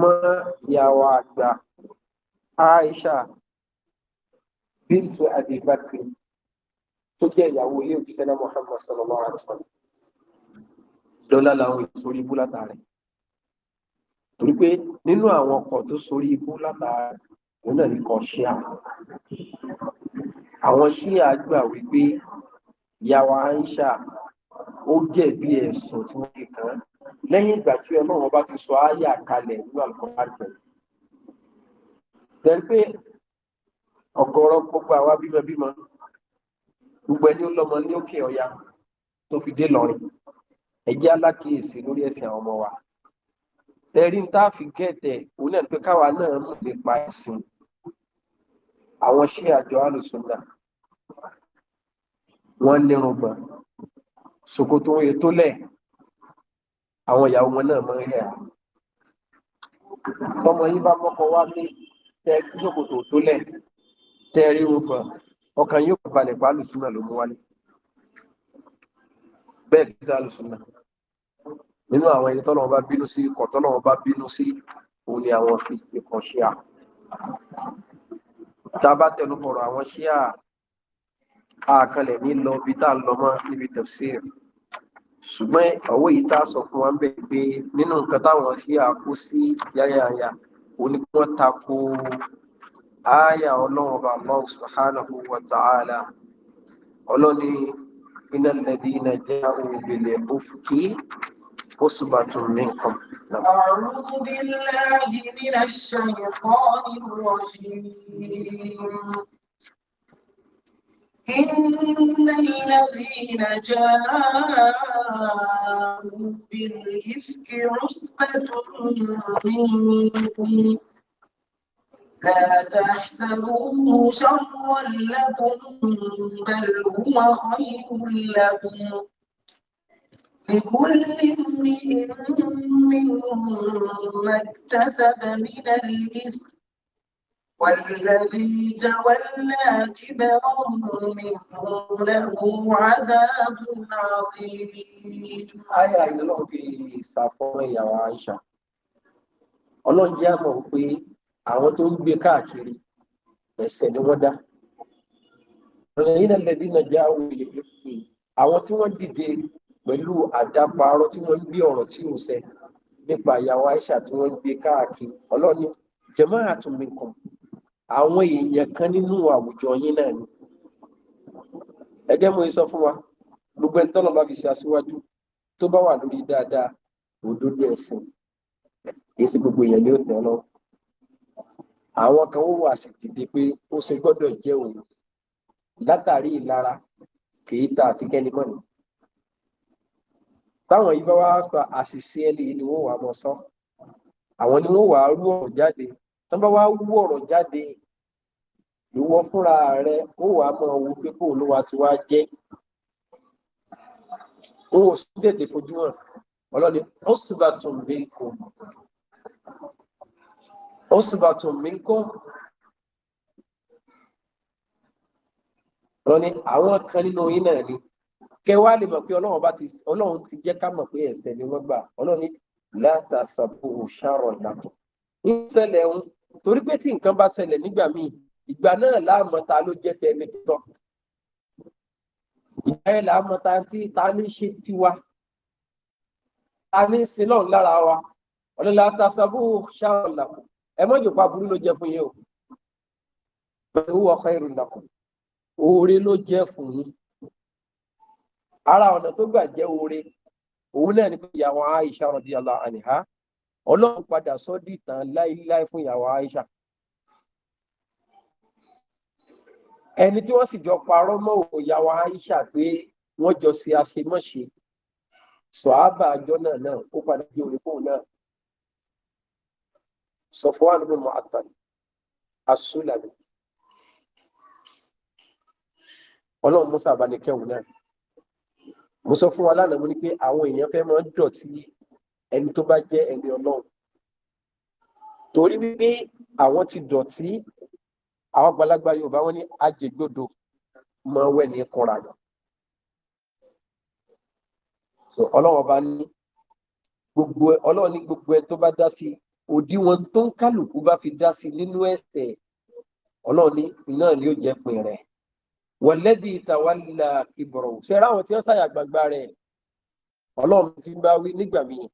mọ́ ìyàwó àgbà Aisha bintu Abi Bakr tó jẹ́ ìyàwó ilé òjíṣẹ́ náà Muhammad sallallahu alaihi wasallam lọ́lá làwọn ìsorí ibú látàrí torí pé nínú àwọn ọkọ̀ tó sorí ibú látàrí òun náà ní kan ṣíà àwọn ṣíà gbà wípé ìyàwó Aisha ó jẹ̀bi ẹ̀sùn tí wọ́n fi kàn án lẹ́yìn ìgbà tí ọlọ́run bá ti sọ àyà kalẹ̀ nínú Al-Qur'an pẹ̀lú. Tẹ́lẹ̀ pé ọ̀gọ̀rọ̀ gbogbo àwa bímọbímọ gbogbo ẹni ọlọ́mọ ní òkè ọ̀yà tó fi dé lọ́rin ẹ̀jẹ̀ alákìyèsí lórí ẹ̀sìn àwọn ọmọ wa. Sẹ́rí ń tá gẹ̀ẹ́tẹ̀ òun náà pé káwa náà mọ̀ nípa ẹ̀sìn àwọn ṣé àjọ àlùsùnà wọ́n lérùn gbọ̀n ṣòkòtò ètò lẹ́ẹ̀ àwọn ìyàwó wọn náà máa ń rẹ̀ tọmọ yín bá mọ́kọ wá lé tẹ kíṣòkòtò tó lẹ̀ tẹ rí ogun ọkàn yóò balẹ̀ pa alùsùnà ló mú wálé bẹ́ẹ̀ kí sí alùsùnà nínú àwọn ẹni tọ́lọ́wọ́ bá bínú sí ikọ̀ tọ́lọ́wọ́ bá bínú sí òun ni àwọn ikọ̀ ṣíà tá a bá tẹnu bọ̀rọ̀ àwọn ṣíà àkànlẹ̀ ní lọ bí tá a lọ mọ́ níbi tẹ̀síìrì ṣùgbọ́n ọ̀wọ́ yìí tá a sọ fún wa ń bẹ̀ pé nínú nǹkan táwọn ṣe àkó sí yáyàyà òní kí wọ́n ta ko ààyà ọlọ́run ọba Allah subhanahu wa ta'ala ọlọ́ni iná lẹ́bí iná jẹ́ òbílẹ̀ òfùkí usbatun minkum. أعوذ بالله من الشيطان الرجيم إن الذين جاءوا بالإفك عصبة منكم لا تحسبوه شرا لكم بل هو خير لكم لكل امرئ منهم ما اكتسب من الإفك والذي تولى كبره منهم له عذاب عظيم آية الله في صفوة يا عائشة ọlọ́run jẹ́ àmọ̀ pé àwọn tó ń gbé káàkiri ẹ̀ṣẹ̀ ni wọ́n dá ìrìnà lẹ́bí náà jẹ́ àwọn èlé pé àwọn tí wọ́n dìde pẹ̀lú àdáparọ́ tí wọ́n ń gbé ọ̀rọ̀ tí ò sẹ nípa ìyàwó Aisha tí wọ́n ń gbé káàkiri ọlọ́run jẹ́mọ́ àtúnmí kan àwọn èèyàn kan nínú àwùjọ yín náà ni ẹgẹ́ mo sọ fún wa gbogbo ẹni tọ́lọ́ bá fi ṣe aṣíwájú tó bá wà lórí dáadáa òdodo ẹ̀sìn kìí ṣe gbogbo èèyàn ni ó tẹ̀ lọ àwọn kan ó wà sí dìde pé ó ṣe gbọ́dọ̀ jẹ́ òun látàrí ìlara kìí ta àti kẹ́ni mọ́ni táwọn yìí bá wá fa àṣìṣe ẹni ni wọ́n wà mọ́ sọ àwọn ni wọ́n wà á rú ọ̀rọ̀ jáde tó bá wá wú ọ̀rọ̀ jáde ìwọ fúnra rẹ ó wàá mọ owó pé kó olúwa ti wá jẹ́ ó sì tètè fojú hàn ọlọ́ni ó sì bá tún mí kó ó sì bá tún mí kó ọlọ́ni àwọn kan nínú yín náà ni kẹwàá lè mọ̀ pé ọlọ́run bá ti ọlọ́run ti jẹ́ ká mọ̀ pé ẹ̀ṣẹ̀ ni wọ́n gbà ọlọ́ni látàṣàbò ṣàrọ̀ yàtọ̀ ń ṣẹlẹ̀ ń torí pé tí nǹkan bá ṣẹlẹ̀ nígbà míì ìgbà náà láàmọ́ta ló jẹ́ tẹ̀mí tọ́ ìgbà yẹn láàmọ́ta tí ta ní ṣe tiwa ta ní ṣe náà lára wa ọ̀lẹ́lá tasabu ṣáà làkùn ẹ mọ́jọ pa burú ló jẹ́ fún yín o pẹ̀lú ọkọ̀ ìrù làkùn oore ló jẹ́ fún yín ara ọ̀nà tó gbà jẹ́ oore òun náà ni pé ìyàwó Aisha radiyallahu anha ọlọ́run padà sọ dìtàn láíláí fún ìyàwó Aisha ẹni tí wọ́n sì jọ parọ́ mọ́ ìyàwó Aisha pé wọ́n jọ ṣe àṣemọ́ṣe sọ̀hábà àjọ náà náà ó padà bí orí fóun náà sọ fún àlùmí mọ́ àtàlù asúlàlù ọlọ́run musa abanikẹ́wò náà mo sọ fún wa lánàá mo ní pé àwọn èèyàn fẹ́ máa dọ̀tí ẹni tó bá jẹ́ ẹni ọlọ́run torí wípé àwọn ti dọ̀tí àwọn àgbàlagbà yorùbá wọn ní ajẹgbọdọ máa wẹ ní kọra lọ so ọlọ́run ọba ní gbogbo ọlọ́run ní gbogbo ẹ tó bá dá sí òdiwọ̀n tó ń kálukú bá fi dá sí nínú ẹ̀ṣẹ̀ ọlọ́run ní náà ni ó jẹ́ pé rẹ̀ wọlẹ́dì ìtawálà ìbọ̀rọ̀ ṣẹ́ra àwọn tí wọ́n ṣàyàgbàgbà rẹ̀ ọlọ́run ti bá wí nígbà míì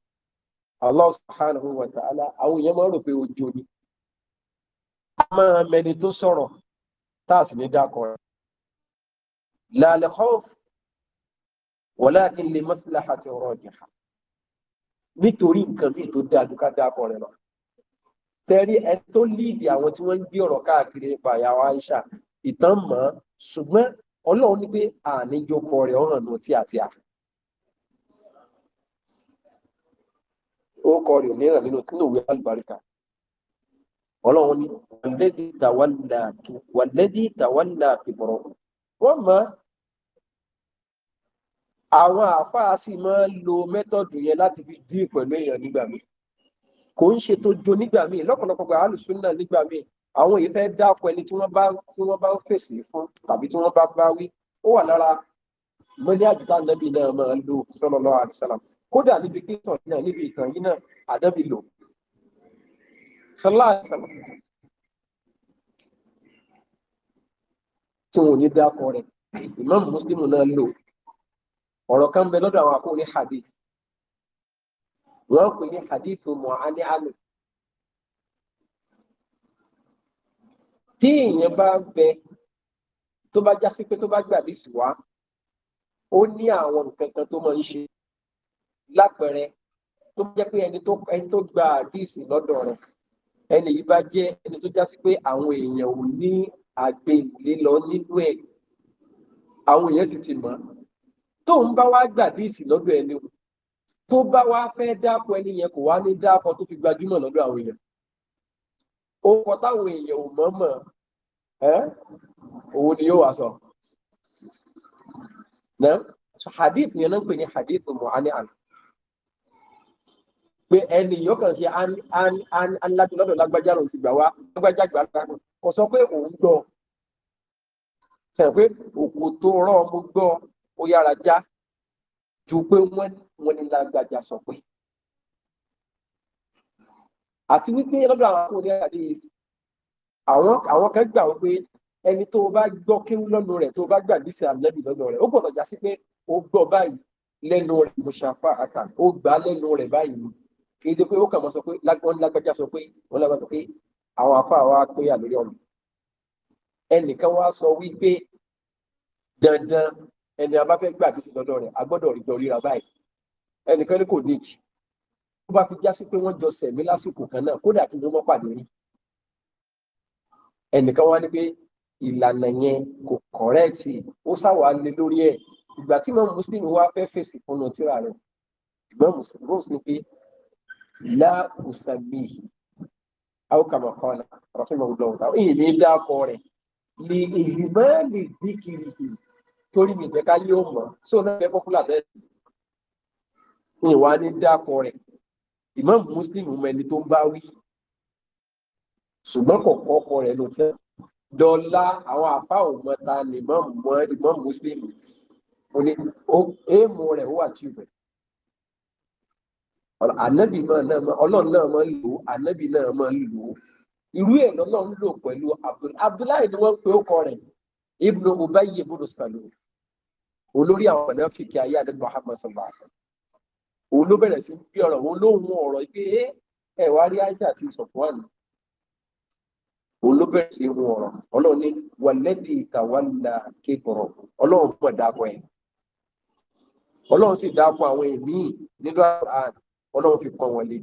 Allah subhanahu wa ta'ala àwọn èèyàn máa ń rò pé ojú ni a máa mẹni tó sọ̀rọ̀ tá a sì ní dákọ̀ rẹ̀ la li khawf walakin li maslahati rajiha nítorí nǹkan bíi tó dáa ju ká dákọ̀ rẹ̀ lọ tẹ́rí ẹ tó líìdì àwọn tí wọ́n ń gbé ọ̀rọ̀ káàkiri nípa ìyàwó Aisha ìtàn mọ́ ṣùgbọ́n Ọlọ́run ní pé àníjọkọ rẹ̀ ọ̀ràn nù tí àti àfi ó kọ rẹ̀ mìíràn nínú nínú ìwé alùbáríkà ọlọ́run ní wàlẹ́dí tàwálà wàlẹ́dí tàwálà fìbọ̀rọ̀ wọ́n mọ̀ àwọn àáfàá sì máa ń lo mẹ́tọ̀dù yẹn láti fi dí pẹ̀lú èèyàn nígbà míì kò ń ṣe tó jo nígbà míì lọ́pọ̀lọpọ̀ gba alùsùn náà nígbà míì àwọn èyí fẹ́ dákọ ẹni tí wọ́n bá tí wọ́n bá ń fèsì fún tàbí tí wọ́n bá bá wí ó wà lára mọ́lẹ́ àdúgbò ànábì náà máa ń lò sallallahu alaihi kódà níbi kíntàn yìí náà níbi ìtàn yìí náà àdẹ́bí lò sọláàsàlá tí wọn ò ní dákọ rẹ̀ ìmáàmù mùsùlùmù náà lò ọ̀rọ̀ kan bẹ lọ́dọ̀ àwọn akóni hadith wọ́n pè ní hadith mu'ani alu tí èèyàn bá bẹ tó bá já pé tó bá gbàdísì wá ó ní àwọn nǹkan kan tó máa ń ṣe lápẹẹrẹ tó jẹ́ pé ẹni tó ẹni tó gba àdíìsì lọ́dọ̀ rẹ̀ ẹni yìí bá jẹ́ ẹni tó já sí pé àwọn èèyàn ò ní àgbègbè lọ nínú ẹ̀ àwọn èèyàn sì ti mọ̀ tóun bá wá gba àdíìsì lọ́dọ̀ ẹni o tó bá wá fẹ́ dápọ̀ ẹni yẹn kò wá ní dápọ̀ tó fi gbajúmọ̀ lọ́dọ̀ àwọn èèyàn ó kọ táwọn èèyàn ò mọ̀ mọ̀ ẹ́ òun ni yóò wá sọ. Hadith yẹn náà ń pè ní hadith mu'ani àná pé ẹni yóò kàn ṣe anilájú lọ́dọ̀ lágbájá lòun ti gbà wá lágbájá gbà lágbájá kò sọ pé òun gbọ́ sẹ pé òkú tó rán ọmọ gbọ́ ó yára já ju pé wọ́n wọ́n ní lágbájá sọ pé àti wípé lọ́dọ̀ àwọn akóni àdé àwọn àwọn kan gbà wípé ẹni tó o bá gbọ́ kéwú lọ́nu rẹ̀ tó o bá gbà bísí àlẹ́bí lọ́nu rẹ̀ ó gbọ́dọ̀ já sí pé o gbọ́ báyìí lẹ́nu rẹ̀ mo ṣàfà àtà ó gbà lẹ́nu rẹ̀ báyìí kì í ṣe pé ó kàn mọ́ sọ pé wọ́n lágbájá sọ pé wọ́n lágbájá sọ pé àwọn afá wa pé àlórí ọ̀rọ̀ ẹnìkan wá sọ wípé dandan ẹni a bá fẹ́ gbà àdúsí lọ́dọ̀ rẹ̀ a gbọ́dọ̀ rí jọ ríra báyìí ẹnìkan ní kò níjì tó bá fi jásí pé wọ́n jọ sẹ̀mí lásìkò kan náà kódà kí wọ́n pàdé rí ẹnìkan wá ní pé ìlànà yẹn kò kọ̀rẹ́ẹ̀tì ó sáwà lé lórí ẹ̀ ìgbà tí mọ̀ mùsùlùmí wá fẹ́ fèsì fún un tíra rẹ̀ ìgbọ́n mùsùlùmí la usabihi aw kama qala rahimahullahu ta'ala èyí lè dá akọ rẹ̀ lè èyí má lè bí kiri yìí torí mi ìjẹ́ká yóò mọ̀ sí òun náà fẹ́ pọ́pùlà tẹ́lẹ̀ ní ìwà ní dá akọ rẹ̀ Imam Muslim mọ ẹni tó ń bá wí ṣùgbọ́n kọ̀ọ̀kan ọkọ rẹ̀ ló tẹ́ dọ́là àwọn àfa òmọta ni Imam Muslim ó ní èèmù rẹ̀ ó wà tìbẹ̀ ànábì náà ọlọ́run náà máa ń lò ó ànábì náà máa ń lò ó irú ẹ̀ lọ́lọ́run lò pẹ̀lú abdullahi ni wọ́n pe ọkọ rẹ̀ ibnu ubay ibnu salul olórí àwọn ọ̀nà fìkì ayé àdé muhammad sallallahu alaihi wasallam òun ló bẹ̀rẹ̀ sí bí ọ̀rọ̀ òun ló hun ọ̀rọ̀ pé ẹ wá rí aisha àti sọ̀fúnwánì òun ló bẹ̀rẹ̀ sí hun ọ̀rọ̀ ọlọ́run ní wàlẹ́dì ìtawàlà kékeré ọlọ́run pọ̀ dákọ̀ ẹ̀ ọlọ́run sì dákọ̀ àwọn èmí nínú àrùn ọlọ́run fi pọ́n wọn lé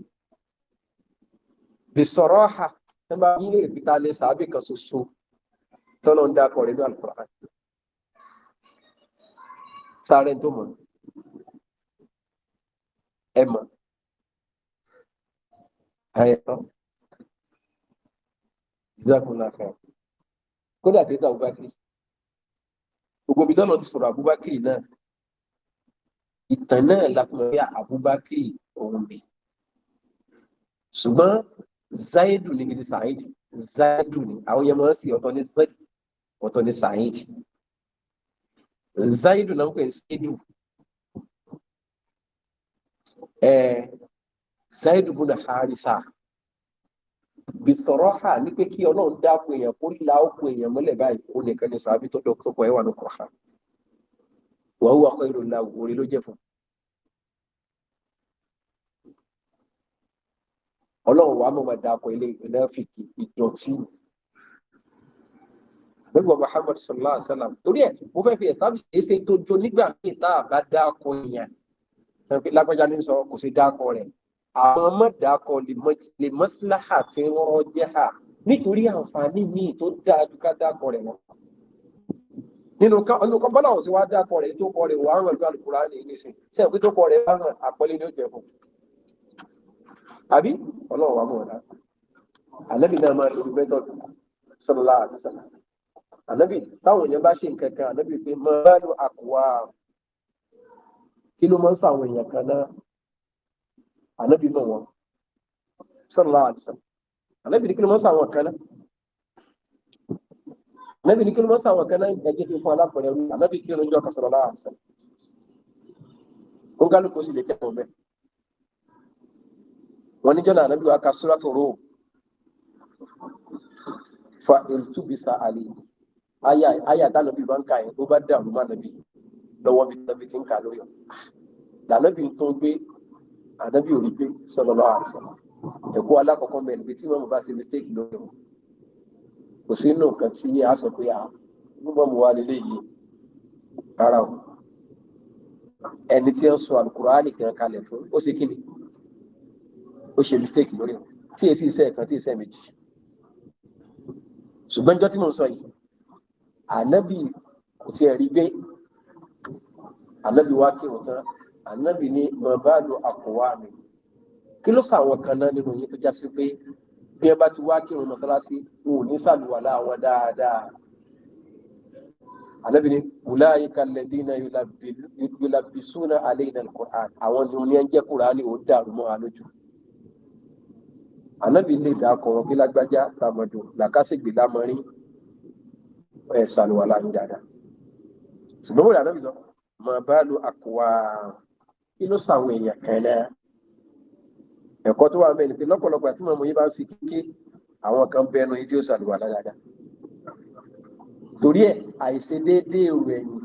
bẹ̀sọ̀rọ̀ ha ẹ bá yí lè fi ta lé sàábì kan ṣoṣo tọ́lọ́ ń dákọ̀ rẹ̀ ní àlùkòrán sáré tó mọ̀ ẹ mọ̀ ayẹ tán ìzákùnláfà kódà tẹ́sà Abubakar ògbómi tọ́lọ́ ti sọ̀rọ̀ Abubakar náà ìtàn náà lápẹẹrẹ Abubakar òun bì ṣùgbọ́n Zaidu ní gidi Saheed Zaidu ní àwọn yẹn máa ń sè ọ̀tọ̀ ní Zaid ọ̀tọ̀ ní Saheed Zaidu náà ń pè ní Saidu ẹ Zaidu bùnà Harisa bisọ̀rọ̀ha ní pé kí ọlọ́run dákun èèyàn kó la ó kun èèyàn mọ́lẹ̀ báyìí ó nìkan ní sábà tó dọ̀tún kọ́ ẹ̀ wà ní kọ̀ọ̀kan wà hùwà kọ́ ìròyìn làwù orí ló jẹ́ fún ọlọ́run wà mọ̀ máa dàpọ̀ ilé ìnáfìkì ìdọ̀tí nígbà Muhammad sallallahu alaihi wa sallam torí ẹ mo fẹ́ fi establish ẹsẹ̀ tó jó nígbà míì tá a bá dáko yẹn lágbájá ní sọ kò sí dáko rẹ̀ àwọn ọmọ dáko lè mọ́síláhà tí wọ́n jẹ́ hà nítorí àǹfààní míì tó dáa ju ká dáko rẹ̀ lọ́kàn nínú kan bọ́lá òsì wá dákọ̀ rẹ̀ tó kọ rẹ̀ wà ràn lórí Al-Qur'ani ní ìsìn sẹ́yìn pé tó kọ rẹ̀ bá ràn àpọ́lé ní òjò ẹ̀fọn àbí ọlọ́run wà mọ̀ ọ̀dá ànábì náà máa lórí mẹ́tọ̀dù sọlá àti sàlá ànábì táwọn èèyàn bá ṣe nǹkan kan ànábì pé máa lo àkùwà kí ló máa ń sàwọn èèyàn kan náà ànábì mọ̀ wọn sọlá àti sàlá ànábì kí ló máa ń sàwọn kan náà ànábì ní kí ló mọ́ sáwọn kan náà ẹ̀jẹ̀ kí n fún alápẹ̀rẹ̀ rú ànábì kí ló ń jọ kásọ̀rọ̀ láàrín sẹ́n ń kálukú sì lè kẹ́kọ̀ọ́ bẹ́ẹ̀ wọ́n níjọ́ náà ànábì wa ka súrátù Rúùmù fa ìtúbìsà àlè aya aya tánàbí bá ń ka yẹn ó bá dàrú má nàbí lọ́wọ́ bí nàbí ti ń kà lóyọ̀ lànàbí tó gbé ànábì ò rí gbé sọ̀rọ̀ láàrín sọ̀rọ̀ ẹ̀kọ́ alákọ̀ọ́kọ́ mẹ́rin bí tí wọ́n bá ṣe mistake lóyọ̀ kò sí inú nǹkan tí a sọ pé a gbọ́dọ̀ mú wa lélẹ̀ yìí rárá o ẹni tí ó sọ alukurani kan kalẹ̀ fún ó ṣe kíni ó ṣe mistake lórí o tí èsì iṣẹ́ kan tí iṣẹ́ méjì ṣùgbọ́n jọ́ tí mo ń sọ yìí ànábì kò tiẹ̀ rí gbé ànábì wá kírun tán ànábì ní mọ̀ bá àkùnwá mi kí ló sàwọn kan náà nínú yín tó já sí pé bí ẹ bá ti wá kírun mọ́sálásí wọn ò ní sàlùwàlá wọn dáadáa. Ànábì ní wùláyé kalẹ̀dínà yulabisuna aleyna alukur'an àwọn ni wọ́n jẹ́ kúránì ó dàrú mọ́ alójú. Ànábì lè dà kọ̀rọ̀ bí lágbájá tàmọ̀dù làkàṣègbè lámọ́rin ẹ̀ sàlùwàlá ní dáadáa. Ṣùgbọ́n wọ́n rẹ̀ Ànábì sọ, màá bá lo àkùwà kí sàwọn èèyàn kan náà ẹ̀kọ́ tó wà ń bẹ ni pé lọ́pọ̀lọpọ̀ àti mọ̀mọ́ yìí bá ń ṣe kíké àwọn kan bẹnu yìí tí ó ṣàlùwà dáadáa torí ẹ̀ àìṣedéédéé rẹ̀ ni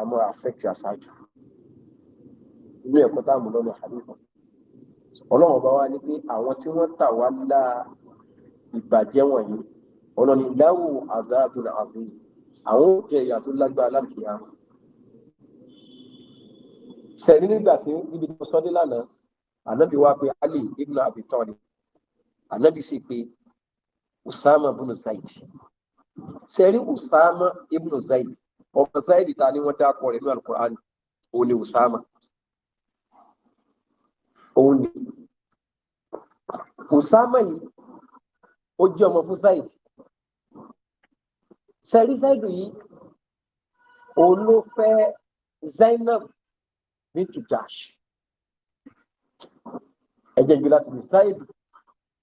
àmọ́ affect aṣáájú inú ẹ̀kọ́ tá a mú lọ́nà àdúgbò ọlọ́run ọba wa ni pé àwọn tí wọ́n tà wá lá ìbàjẹ́ wọ̀nyí ọ̀nà níláwó àdáàbùn àbí àwọn òkè ẹ̀yà tó lágbára láti yà sẹ́ni nígbà tí ibi tó sọ́dé lánàá ànábì wá pé Ali ibn Abi Talib anabi sì pé Usama ibn Zaid sẹ́rí Usama ibn Zaid ọmọ Zaid ta ni wọ́n dákọ̀ rẹ̀ ní alukur'an òun ni Usama òun ni Usama yìí ó jẹ́ ọmọ fún Zaid sẹ́rí Zaid yìí òun ló fẹ́ Zainab bintu Jahsh ẹ̀jẹ̀ gbé láti ní sáìdù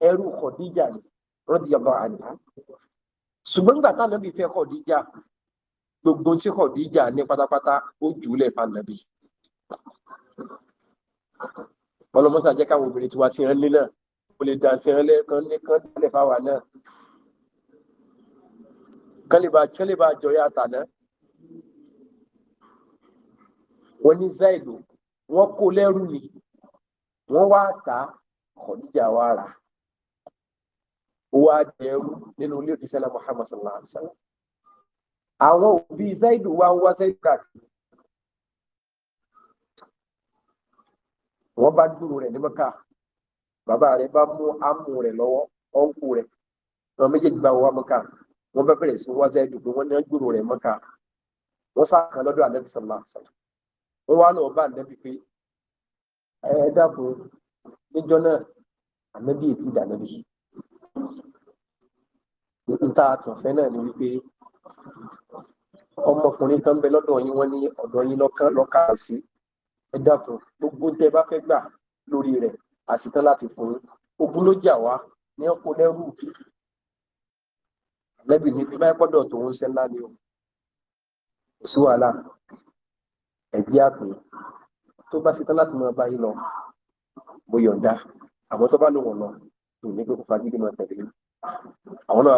ẹrú Khadija radiyallahu anha ṣùgbọ́n nígbà tá nàbí fẹ́ Khadija gbogbo tí Khadija ní pátápátá ó jù ú lẹ̀ fa nàbí ọlọmọsà jẹ́ káwọn obìnrin tiwa ti hàn ní náà kò lè dà sí hàn lẹ́ẹ̀kan ní kan dálẹ̀ fáwa náà kan lè ba kan tàná wọ́n ní Zaidu wọ́n kó lẹ́rú ni wọ́n wá tà á Khadija wá rà á ó wá dẹrú nínú ilé òjíṣẹ́ náà Muhammad sallallahu alaihi wa sallam àwọn òbí Zaidu wá ń wá Zaidu káàkiri wọ́n bá dúró rẹ̀ ní Mẹ́kà bàbá rẹ̀ bá mú amú rẹ̀ lọ́wọ́ ọ̀nkù rẹ̀ wọn méjèèjì bá wá Mẹ́kà wọ́n bá bẹ̀rẹ̀ sí wá Zaidu pé wọ́n ní dúró rẹ̀ Mẹ́kà wọ́n sá kan lọ́dọ̀ Ànábì sallallahu alaihi wá lọ́ọ́ bá Ànábì pé ẹ dákun níjọ náà ànábì ètí ìdànábì níta àtúnfẹ́ náà ni wípé ọmọkùnrin kan bẹ lọ́dọ̀ yín wọ́n ní ọ̀dọ̀ yín lọ́ka sí ẹ dákun gbogbo tẹ́ bá fẹ́ gbà lórí rẹ̀ àsìtán láti fún yín ogun ló jà wá ní ọkọ lẹ́rù lẹ́bi ní bíbá ẹ̀kọ́dọ̀ tòun ṣe ni o kò sí wàhálà ẹ̀jẹ̀ àpè tó bá ṣetán láti máa bá yín lọ mo yọ̀ǹda àmọ́ tó bá lò wọ̀n lọ kò ní pé kó fagídí máa tẹ̀lé yín àwọn náà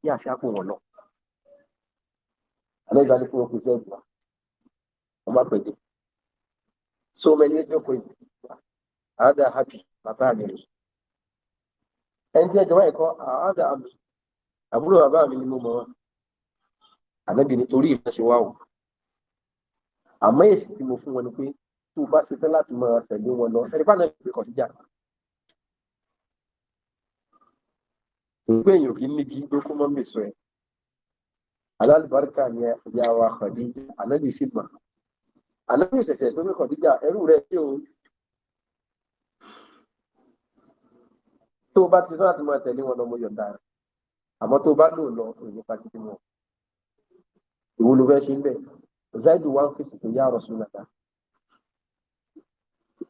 kí àṣà kò wọ̀n lọ. alẹ́ ìgbà ni kí wọ́n pèsè ẹ̀gbọ́n wọ́n bá pèdè so many ẹgbẹ́ kò yìí àádá happy bàbá mi rè ẹni tí ẹjọ́ wáyé kọ́ àádá àmì àbúrò bàbá mi ni mo mọ̀ wọn ànábì nítorí ìfẹsẹ̀ wà o àmọ́ èsì tí mo fún wọn ni pé tó bá ṣe tán láti máa tẹ̀lé wọn lọ ẹni pàdánù ìpè kọ̀ síjà. ìgbé èèyàn ní kí gbé mọ́ mi sọ ẹ̀. alálùbáríkà ni ìyá wa Khadija ànábì sì mà ànábì ṣẹ̀ṣẹ̀ tó ní Khadija ẹrú rẹ̀ kí o. tó bá ti tán láti máa tẹ̀lé wọn lọ mo yọ̀ǹda rẹ̀ àmọ́ tó bá lò lọ òyìnbó fagídí wọn ìwúlò fẹ́ ṣe ń bẹ̀ zaidu wa ń fèsì tó yá Rasulullah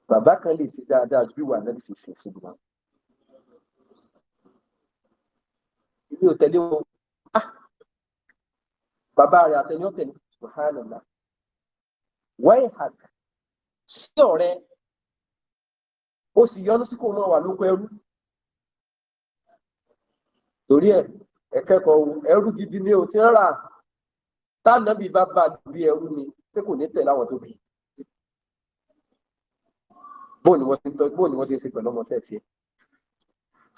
bàbá kan lè ṣe dáadáa ju ìwà náà ṣe ṣe fún wa. ilé ò tẹ̀lé o ah! bàbá rẹ̀ àtẹni ó tẹ̀lé subhanallah wáyé hàk sí ọ̀rẹ́ ó sì yọ́nú sí kò mọ̀ wà lóko ẹrú torí ẹ̀ ẹ̀kẹ́kọ̀ọ́ ẹrú gidi ni o ti ń rà tá nàbí bá bá bí ẹrú ni tí kò ní tẹ̀lé àwọn tó bí i bóò ni wọ́n ṣe ń ṣe pẹ̀lú ọmọ sẹ́ẹ̀tì ẹ̀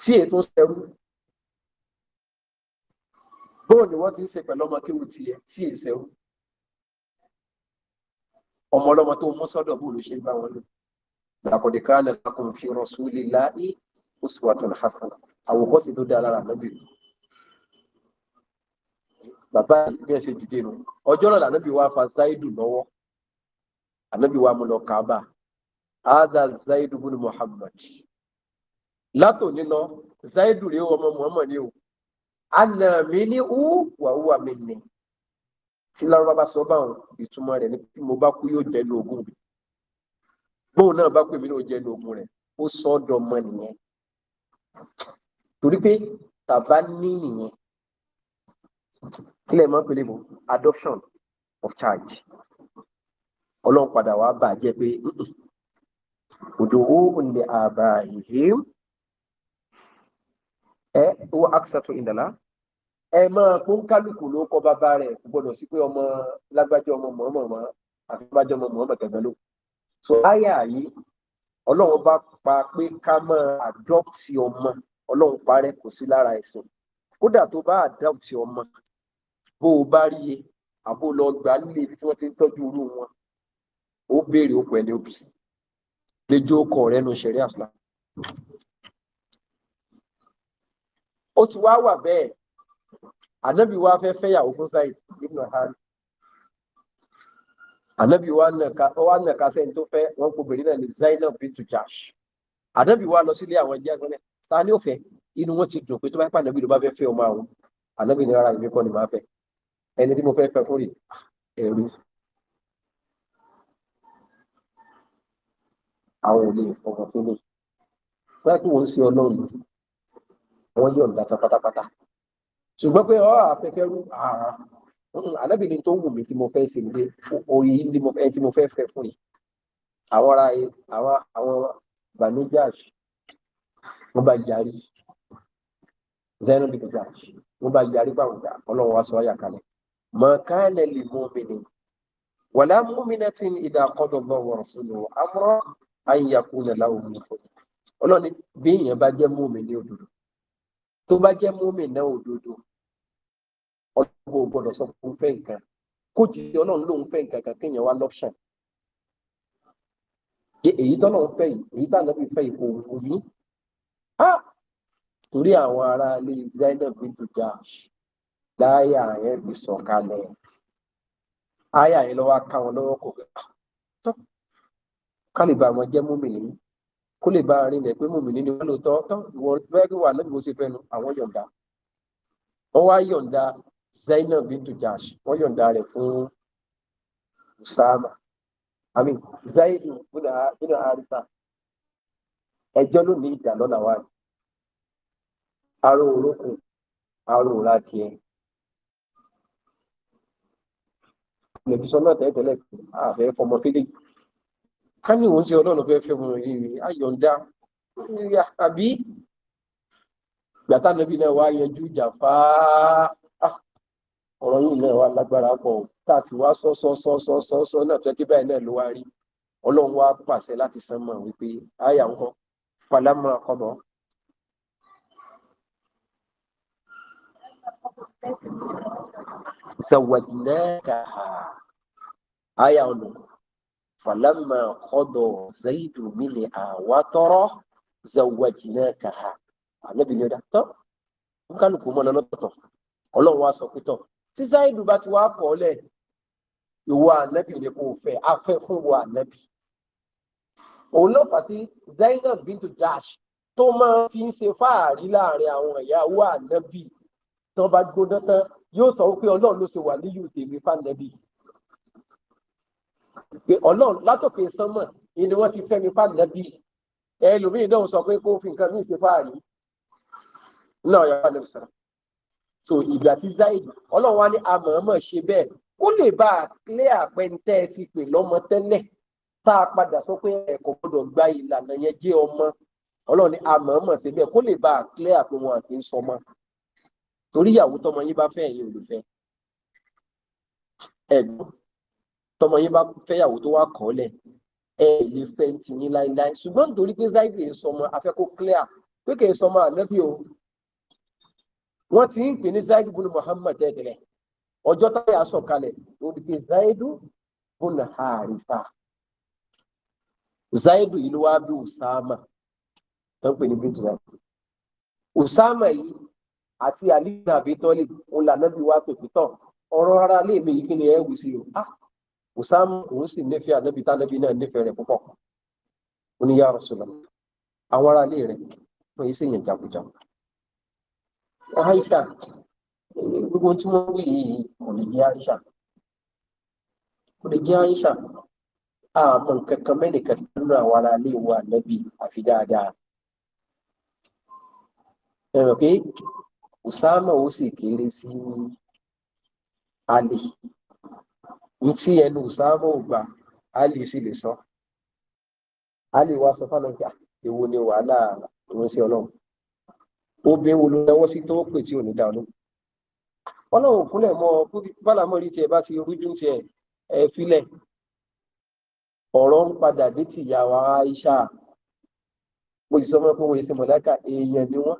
tí ètò ṣẹrú bóò ni wọ́n ti ń ṣe pẹ̀lú ọmọ kéwù tiẹ̀ tí èyí ṣẹrú ọmọ ọlọ́mọ tó mú sọ́dọ̀ bóò ló ṣe ń bá wọn lò laqad kana lakum fi rasulillahi uswatun hasana àwòkọ́ṣe tó dáa lára lọ́bì bàbá bí ẹ ṣe dìde nù ọjọ́ náà lànà bí wàá fa Zaidu lọ́wọ́ ànàbí wàá mú lọ Kaaba ada zaidu bin muhammad látòní lọ zaidu rèé ọmọ muhammad ni o ana mi ni u wà wà mí ni tí lárúbá bá sọ báwọn ìtumọ̀ rẹ̀ ni tí mo bá kú yóò jẹ́ ní ogún mi bóun náà bá pè mí náà jẹ́ ní ogún rẹ̀ ó sọ ọ́ dọmọ nìyẹn torí pé tàbá ní nìyẹn kílẹ̀ máa ń pèlè bò adoption of charge ọlọ́run padà wàá bàjẹ́ pé ودعوهم لآبائهم ẹ wọ aksatu indala ẹ máa kó ń kálukú ló kọ bàbá rẹ̀ kò gbọ́dọ̀ sí pé ọmọ lágbájá ọmọ mọọmọọmọ àti lágbájá ọmọ mọọmọ kẹfẹ ló. so àyà yìí ọlọ́run bá pa pé ká máa àdọ́pùtì ọmọ ọlọ́run parẹ́ kò sí lára ẹ̀sìn kódà tó bá àdọ́pùtì ọmọ bó o bá rí e àbó lọ gbà nílé ibi tí wọ́n ti ń tọ́jú irú wọn ó béèrè ó pẹ̀lú òbí lè jó ọkọ rẹ nu ṣẹ̀rí àṣìlá. ó ti wá wà bẹ́ẹ̀ ànábì wa fẹ́ fẹ́yàwó fún Zaid ibn Hal ànábì wa nàka sẹ́ni tó fẹ́ wọn kò bèrè náà ní Zainab bintu Jahsh ànábì wa lọ sílé àwọn jẹ́ àgbọ̀nẹ́ ta ni ó fẹ́ inú wọn ti dùn pé tó bá pàdánù bí ló bá fẹ́ fẹ́ ọmọ àwọn ànábì ní rárá ìbí kọ́ ni màá fẹ́ ẹni tí mo fẹ́ fẹ́ fún rí ah, ẹ̀rú àwọn ò lè fọwọ́ fẹ́lẹ̀ bá kí wọ́n ṣe ọlọ́run wọ́n yọ̀ǹda tán pátápátá ṣùgbọ́n pé ọ́ àfẹ́kẹ́rú alábìnrin mm, tó wù mí tí mo fẹ́ ṣe nílé oyè ẹni tí mo fẹ́ fẹ́ fún yìí àwọn ará àwọn àwọn banijash wọ́n bá yarí zeno banijash wọ́n bá yarí báwọn gbà ọlọ́run wá sọ ọ́ yàkálẹ̀ mọ̀ọ́kánlẹ̀ lè mú mi ni ìdá kọ́dọ̀ lọ́wọ́ rẹ̀ sínú àmúrọ́ ayíyakú lẹ́la òun nìkan ọlọ́ni bí èèyàn bá jẹ́ mọ́mì ní òdodo tó bá jẹ mọ́mì náà òdodo ọlọ́gbọ́n gbọ́dọ̀ sọ fún fẹ́ nǹkan kó sí ọlọ́run lòun fẹ́ nǹkan kan kéèyàn wá lọ́pṣàn ṣe èyí fẹ́ yìí èyí yìí kò wù mí torí àwọn ará ilé Zainab láyà yẹn sọ̀kalẹ̀ áyà yẹn lọ́wọ́ ká wọn lọ́wọ́ ká lè ba àwọn jẹ́ mùmìnì kó lè ba àárín rẹ̀ pé mùmìnì ni wọ́n lò tọ́ tán ìwọ fẹ́ẹ́ wà lóbi bó ṣe fẹ́ nu àwọn yọ̀ǹda wọ́n wá yọ̀ǹda Zainab bintu Jahsh wọ́n yọ̀ǹda rẹ̀ fún Usama àmì Zaidu bin Haritha ẹjọ́ ló ní ìdáná làwọn àti aró orókùn aró òrà tiẹ̀. lè fi sọ náà tẹ́tẹ́lẹ̀ pé àfẹ́ fọmọ kéde kámi òun ti ọlọ́run fẹ́ fẹ́ ọmọ yìí rí ayọ̀ǹda àbí gbàtà nàbí náà wá yanjú jàfá ọ̀rọ̀ yìí náà wá lágbára pọ̀ tá a ti wá sọ́sọ́sọ́sọ́sọ́ náà fẹ́ kí báyìí náà ló wá rí ọlọ́run wá pàṣẹ láti san mọ̀ wípé àyà ń kọ́ palamọ́ àkọ́bọ̀. sàwàdìnnà kàá àyà ọ̀nà fàlámà kọ́dọ̀ zayidu mílẹ̀ àwa tọrọ zawajina kaha ànábì ni ó dá tọ́ kálukú mọ́ lọ́nà tọ̀tọ̀ ọlọ́run wa sọ pé tọ̀ tí zayidu bá ti wá kọ́ ọ lẹ̀ ìwọ ànábì ni kò fẹ́ afẹ́ fún ìwọ ànábì òun náà pàtí Zainab bintu Jahsh tó máa fi ń ṣe fáàrí láàrin àwọn ìyàwó ànábì tán bá gbóná tán yóò sọ wípé ọlọ́run ló ṣe wà níyù tèmi fànábì yìí pé ọlọ́run látòkè sánmọ̀ ni wọ́n ti fẹ́mi fáànà bí ẹlòmíì náà sọ pé kó fi nǹkan míì ṣe fáàrí náà yọ wọn sọ so ìgbà tí zaid ọlọ́run wa ní amọ̀ọ́mọ̀ ṣe bẹ́ẹ̀ kó lè bá a lé àpẹntẹ́ ti pè lọ́mọ tẹ́lẹ̀ tá a padà sọ pé ẹ̀kọ́ gbọ́dọ̀ gba ìlànà yẹn jẹ́ ọmọ ọlọ́run ní amọ̀ọ́mọ̀ ṣe bẹ́ẹ̀ kó lè bá a lé àpẹ wọn àti ń sọmọ torí ìyàwó tọmọ yín bá fẹ́ yín olùfẹ́ ẹ̀gbọ́n tọmọ yín bá fẹ́yàwó tó wá kọ́ lẹ̀ ẹ lè fẹ́ ti yín láéláé ṣùgbọ́n nítorí pé zaire ń sọmọ afẹ́kọ́ clear pé kì í sọmọ ànábì o wọ́n ti ń pè ní zaire bùnú Muhammad ẹ̀dẹ̀rẹ̀ ọjọ́ táyà sọ̀kalẹ̀ òbí pé zaire bùnú Harifa Zaidu yìí ló bí Usama tó ń pè ní bíntù zaire Usama yìí àti Ali ibn Abi Talib òun lànà bí pèpè tán ọ̀rọ̀ ara lè mi yìí kí ni ẹ wù sí o ah, Usama òun sì nífẹ̀ẹ́ ànábì tánàbí náà nífẹ̀ẹ́ rẹ̀ púpọ̀ ó ní Rasulullah àwọn ará ilé rẹ̀ wọ́n yìí sì yàn jagunjagun. Aisha gbogbo tí wọ́n wí yìí kò lè jẹ́ Aisha kò lè jẹ́ Aisha àmọ́ nǹkan kan mẹ́nìkan nínú àwọn ará ilé wa ànábì àfi dáadáa. Ẹ̀rọ pé Usama ó sì kéré sí Ali ntí ẹnu ìsáàmù ògbà ali sì lè sọ ali wa sọ fáwọn ọjà èwo ni wàhálà ìránṣẹ́ Ọlọ́run obìnrin wo ló lọ́wọ́ sí tó pè tí ò ní dá ọ lóhùn Ọlọ́run kúnlẹ̀ mọ́ bálà mọ rí tiẹ̀ bá ti rújú tiẹ̀ ẹ filẹ̀ ọ̀rọ̀ ń padà dé tìyàwó Aisha mo sì sọ fún ẹ pé wọn èsì mọláka èèyàn ni wọn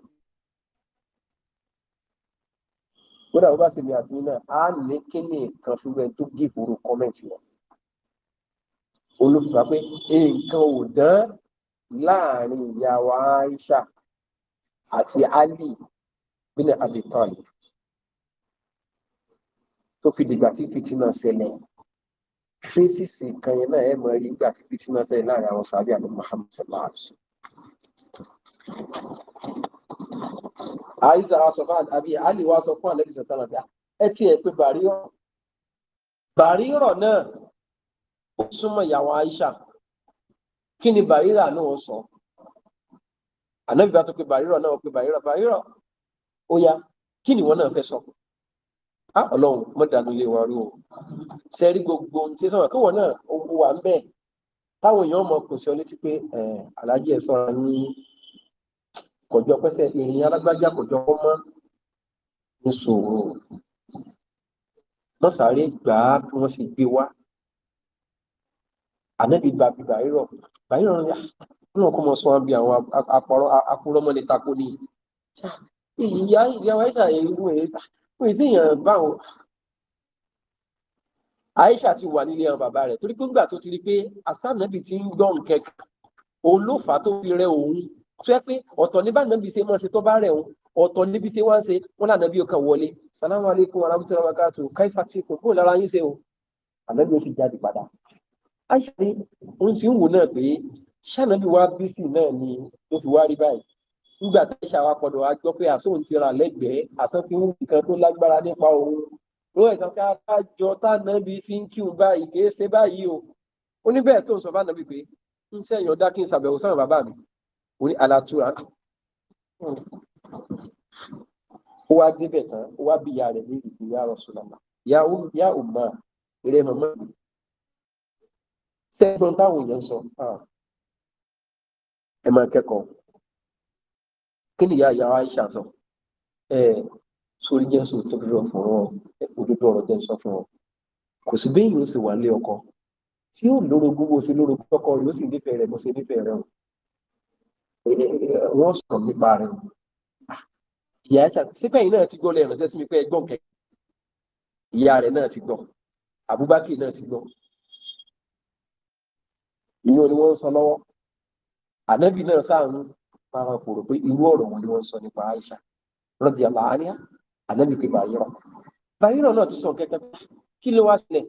kódà bó bá sì ní àti náà á ní kíní kan fún ẹni tó gé ìfòrò kọ́mẹ̀ntì wọn. olùfà pé nǹkan ò dán láàrin ìyá wa Aisha àti Ali bin Abi Talib tó fi dìgbà tí fìtínà ṣẹlẹ̀ fésìsì kan yẹn náà ẹ mọ̀ rí nígbà tí fìtínà ṣẹlẹ̀ láàrin àwọn sàbí àti Muhammad sallallahu alaihi wasallam àìsà asọ̀fà àbí àlè wa sọ fún àlẹ́bí sọ̀tàn àbí ẹ ti ẹ̀ pé bàrírọ̀ bàrírọ̀ náà ó súnmọ́ ìyàwó àìsà kí ni bàrírà náà sọ ànábì bá tó pé bàrírọ̀ náà pé bàrírọ̀ bàrírọ̀ ó yá kí ni ìwọ náà fẹ́ sọ á ọlọ́run mọ́dàánú lè wá o sẹ́rí gbogbo ohun tí sọ̀rọ̀ kíwọ náà ó wà ń bẹ̀ táwọn èèyàn mọ̀ kò sí ọ létí pé aláàjì ẹ̀ sọ̀rọ̀ ní kọjọ pẹsẹ ìrìn alágbájá kọjọ mọ níṣòro wọn sáré gbà á bí wọn sì gbé wá ànábì gba bíbà rírọ bàírọ ní àwọn ah, ọkọ mọ sọ wọn bí àwọn apọrọ akúrọmọ lè takò ní ìyá ìyá wa ṣàyẹ irú ẹ fún ah, ìsìnyàn báwọn Aisha ti wà nílé àwọn bàbá rẹ torí pé nígbà tó ti rí pé asanabi ti ń gbọ́ nǹkan olófà tó fi rẹ òun tó yẹ pé ọ̀tọ̀ ní bá nàbí ṣe máa ṣe tó bá rẹ̀ wọn ọ̀tọ̀ níbi ṣe wá ń ṣe wọn là nàbí ọkàn wọlé salamu alaykum aramutulayi wakatu kaifa ti kò fún lára yín ṣe o ànábì ó sì jáde padà. àìsàn ni òun ti ń wò náà pé sànàbí wa bísí náà ni ó fi wá rí báyìí nígbà tá ìṣà wa pọ̀dọ̀ a gbọ́ pé àsóhun ti ra lẹ́gbẹ̀ẹ́ àsán ti ń wù nǹkan tó lágbára nípa òun ló ẹ̀sán ká bá jọ tánàbí fi ń kírun báyìí kì í ṣe báyìí o oníbẹ̀ẹ́ tó ń sọ ó ní alatura ó wá débẹ̀ tán ó wá bí ìyá rẹ̀ ní ìdí ìyá rọ̀ṣùlọ́mà ìyá ò mọ̀ eré mọ̀mọ́ sẹ́gbọ̀n táwọn èèyàn sọ ẹ máa kẹ́kọ̀ọ́ kí ni ìyá ìyá Aisha sọ ẹ sórí jẹ́sọ̀ tó fi rọ̀ fún ọ òdodo ọ̀rọ̀ jẹ́ fún ọ kò sí bí èèyàn sì wà lé ọkọ tí yóò lórogún bó ṣe lórogún ọkọ rẹ̀ ó sì nífẹ̀ẹ́ rẹ̀ bó ṣe nífẹ̀ẹ́ rẹ̀ o wọ́n sọ̀rọ̀ nípa rẹ̀ ìyá ẹ̀ṣà sípẹ́ yìí náà ti gbọ́ lẹ́rìn sẹ́sìn mi pé ẹgbọ́n kẹ ìyá rẹ̀ náà ti gbọ́ Abubakar náà ti gbọ́ ìyẹn ni wọ́n ń sọ lọ́wọ́ ànábì náà sáànù para kòrò pé irú ọ̀rọ̀ wọn ni wọ́n sọ nípa Aisha lọ́dí àlàáníà ànábì pé bàyírọ̀ bàyírọ̀ náà ti sọ kẹ́kẹ́ kí ló wá sílẹ̀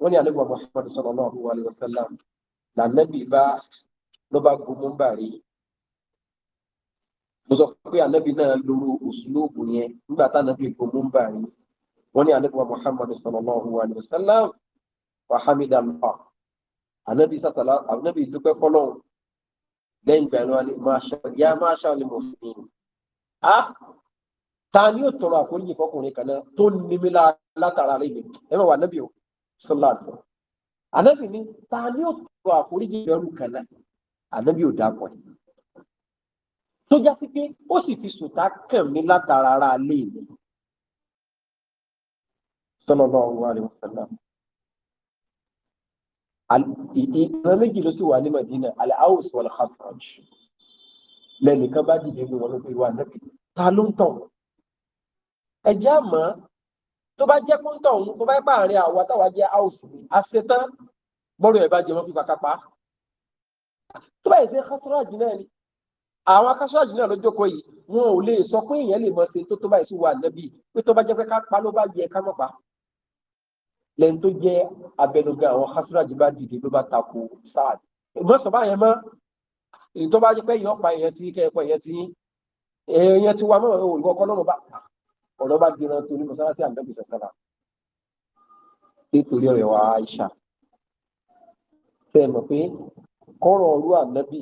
wọ́n ní ànábì Muhammad sallallahu alaihi wasallam lànàbì bá ló bá gomú bàrí mo sọ pé ànábì náà lóru òṣùlóòbù yẹn nígbà tánábì kò mú bà rí wọn ní ànábì wa muhammad sallallahu alayhi wa sallam wa hamid allah ànábì sàṣàlá ànábì dúpẹ́ fọlọ́hún lẹ́yìn ìgbà ìlú alẹ́ yá máa ṣá lè mọ̀ sí i. a ta ni yóò tọrọ àforíjì fọkùnrin kan náà tó nímí látara rẹ mi ẹ bá wà ànábì o sallallahu alayhi wa sallam ànábì ni ta ni yóò tọrọ àforíjì ẹrù kan náà ànábì ò dáa pọ̀ yìí tó já sí pé ó sì fi sùtá kàn mí látara ara ilé mi. sallallahu alaihi wasallam. ìran méjì ló sì wà ní Madina al-Aws wal-Khazraj lẹ́nìkan bá dìde ní wọn ló pé ìwà nẹ́bí ta ló ń tàn ẹ̀jẹ̀ àmọ́ tó bá jẹ́ kóńtọ̀ ọ̀hún tó bá bá àárín àwọn àtàwọn jẹ́ áùsì ni àṣetán gbọ́dọ̀ ẹ̀ bá jẹ wọ́n fi pàkàpá tó bá yẹ ṣe Khazraj náà ni àwọn akásọ́ọ̀jù náà ló jókòó yìí wọn ò lè sọ pé èèyàn lè mọ ṣe tó tó báyìí sí wa ànábì pé tó bá jẹ́ pé ká pa ló bá yẹ ká mọ̀ pa lẹ́yìn tó jẹ́ abẹnugan àwọn akásọ́ọ̀jù bá dìde ló bá takò sáà mọ̀ sọ báyẹn mọ́ èyí tó bá jẹ́ pé èèyàn pa èèyàn ti kẹ́ ẹ̀ pọ̀ èèyàn ti èèyàn ti wa mọ́ olùkọ́ kọ́ lọ́mọ bá ọ̀rọ̀ bá dira torí mọ́sálásí ànábì sọ̀sálà nítorí ọ̀rẹ́ wa Aisha sẹ́ẹ̀ mọ̀ pé kọ́rọ̀ ọ̀rú ànábì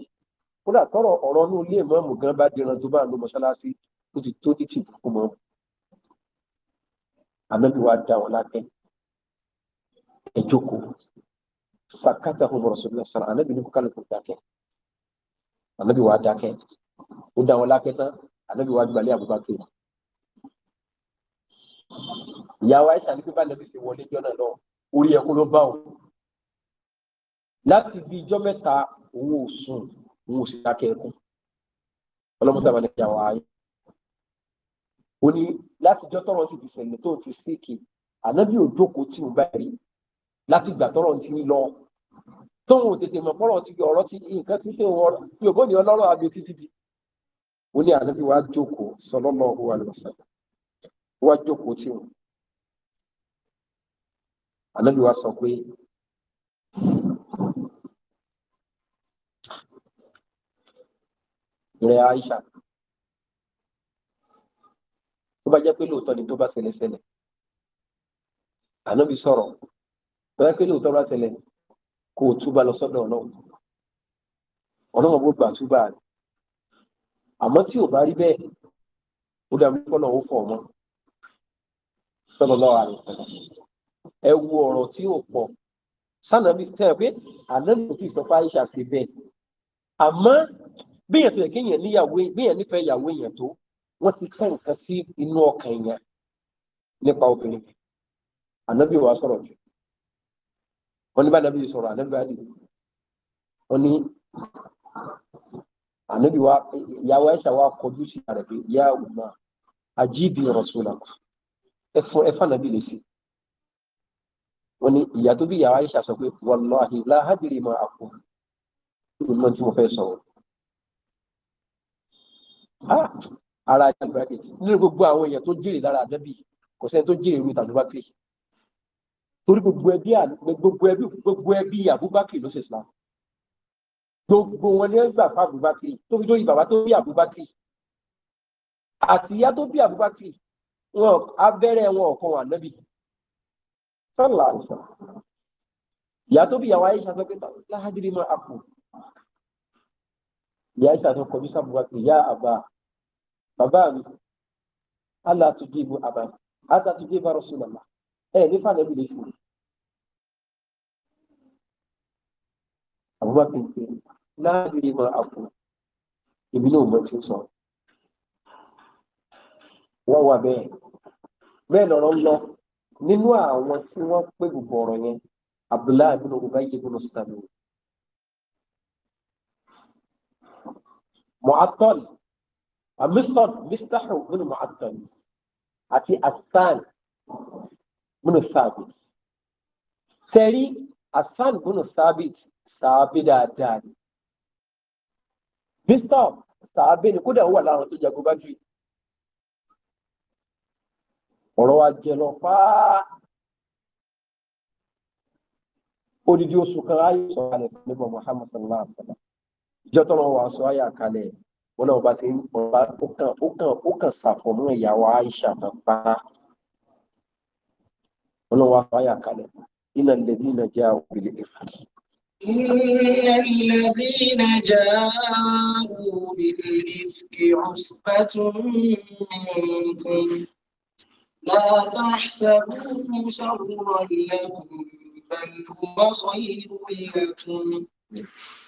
kódà tọrọ ọ̀rọ̀ inú ilé ìmọ̀ọ́mù gan bá diran tó bá ń lo mọ́ṣáláṣí ó ti tó ní tìbú kó mọ́ ànábì wa dá wọn lábẹ́ ẹ jókòó sàkátà fún Rasulullah sàn ànábì ní kó kálukú dákẹ́ ànábì wa dákẹ́ ó dá wọn lákẹ́ tán ànábì wa gbalẹ̀ àbúkà tó yà ìyàwó àìsàn ní pípa lẹ́bí fi wọlé jọ́nà náà orí ẹ̀kú ló bá òun láti bí ijọ́ mẹ́ta òun sùn òun ò sì dákẹ́ ẹkún ọlọ́mọsá balẹ̀ ìyàwó ayé ó ní látijọ́ tọrọ sì ti ṣẹlẹ̀ tó ti ṣèké ànábì òjókòó tí ò bá rí láti ìgbà tọrọ ti ń lọ tóun ò tètè mọ̀ pọ́rọ̀ ti ọ̀rọ̀ ti nǹkan ti ṣe wọn yòókó ni ọlọ́rọ̀ àbí títí di ó ní ànábì wàá jókòó sallallahu alaihi wasallam wàá jókòó tí wọn ànábì wàá sọ pé ìrẹ́ Aisha tó bá jẹ́ pé lóòótọ́ ni tó bá ṣẹlẹ̀ ṣẹlẹ̀ ànábì sọ̀rọ̀ tó bá pé lóòótọ́ bá ṣẹlẹ̀ kó o túbà lọ sọ́dọ̀ ọlọ́run ọlọ́run gbogbo àtúbà rẹ̀ àmọ́ tí ò bá rí bẹ́ẹ̀ ó dàbí kọ́nà ó fọ̀ mọ́ sallallahu alaihi wasallam ẹ wo ọ̀rọ̀ tí ò pọ̀ sànàbí tẹ́ ẹ pé ànábì tí sọ fún Aisha ṣe bẹ́ẹ̀ àmọ́ béèyàn tó yẹ kéèyàn níyàwó béèyàn nífẹ̀ẹ́ ìyàwó èèyàn tó wọ́n ti kọ́ nǹkan sí inú ọkàn èèyàn nípa obìnrin ànábì wa sọ̀rọ̀ jù wọ́n ní bá ànábì sọ̀rọ̀ ànábì wa dìbò wọ́n ní ànábì wa ìyàwó Aisha wa kọjú sí ara pé ya umma ajibi rasulaka ẹ fún ẹ fànàbì lè sí wọ́n ní ìyá tó bí ìyàwó Aisha sọ pé wallahi la hadiri ma àpò ìgbìmọ̀ tí mo fẹ́ sọ̀rọ̀ ara àjàgbàkè nínú gbogbo àwọn èèyàn tó jèrè lára àdẹ́bì kò sẹ́ni tó jèrè irú tàbíbákì torí gbogbo ẹbí gbogbo ẹbí gbogbo ẹbí Abubakar ló ṣe Islam gbogbo wọn ní ẹgbà fún Abubakar tó fi lórí bàbá tó bí Abubakar àti ìyá tó bí Abubakar wọn abẹ́rẹ́ wọn ọ̀kan wà lẹ́bí sọ́là àìsàn ìyá tó bí ìyàwó Aisha sọ pé láhàdìrí máa kù ìyá Aisha sọ kọjú sí ìyá àbá aba mi allah tó dìbò abàmì allah tó dìbò ní fàlẹ́ mi lè sìn mí. abubakar pé láàbìrì máa àpò ìbí náà mo ti sọ wọ́n wà bẹ́ẹ̀ bẹ́ẹ̀ lọ́rọ̀ lọ nínú àwọn tí wọ́n pé gbogbo ọ̀rọ̀ yẹn abdullahi bin ubay ibn Uh, mistahu bin mu'attal àti asan bin thabit sẹ́rí asan bin thabit sàábì dáadáa ni mistahu sàábì ni kódà ó wà láwọn tó jagun bá jù ọ̀rọ̀ wa jẹ lọ fáá odidi oṣù kan ayé sọ̀rọ̀ àlẹ́ fún nígbà Muhammad sallallahu alaihi wa sallam ìjọ tó lọ wà sọ ayé àkàlẹ̀ wọn náà bá ṣe ń ọba ó kàn ó kàn ó kàn ṣàfọmọ ìyàwó Aisha kan pátá wọn náà wá fáyà kalẹ̀ ilẹ̀ lẹ́bí náà jẹ́ àwọn òbílẹ̀ إن الذين جاءوا بالإفك عصبة منكم لا تحسبوه شرا لكم بل هو خير لكم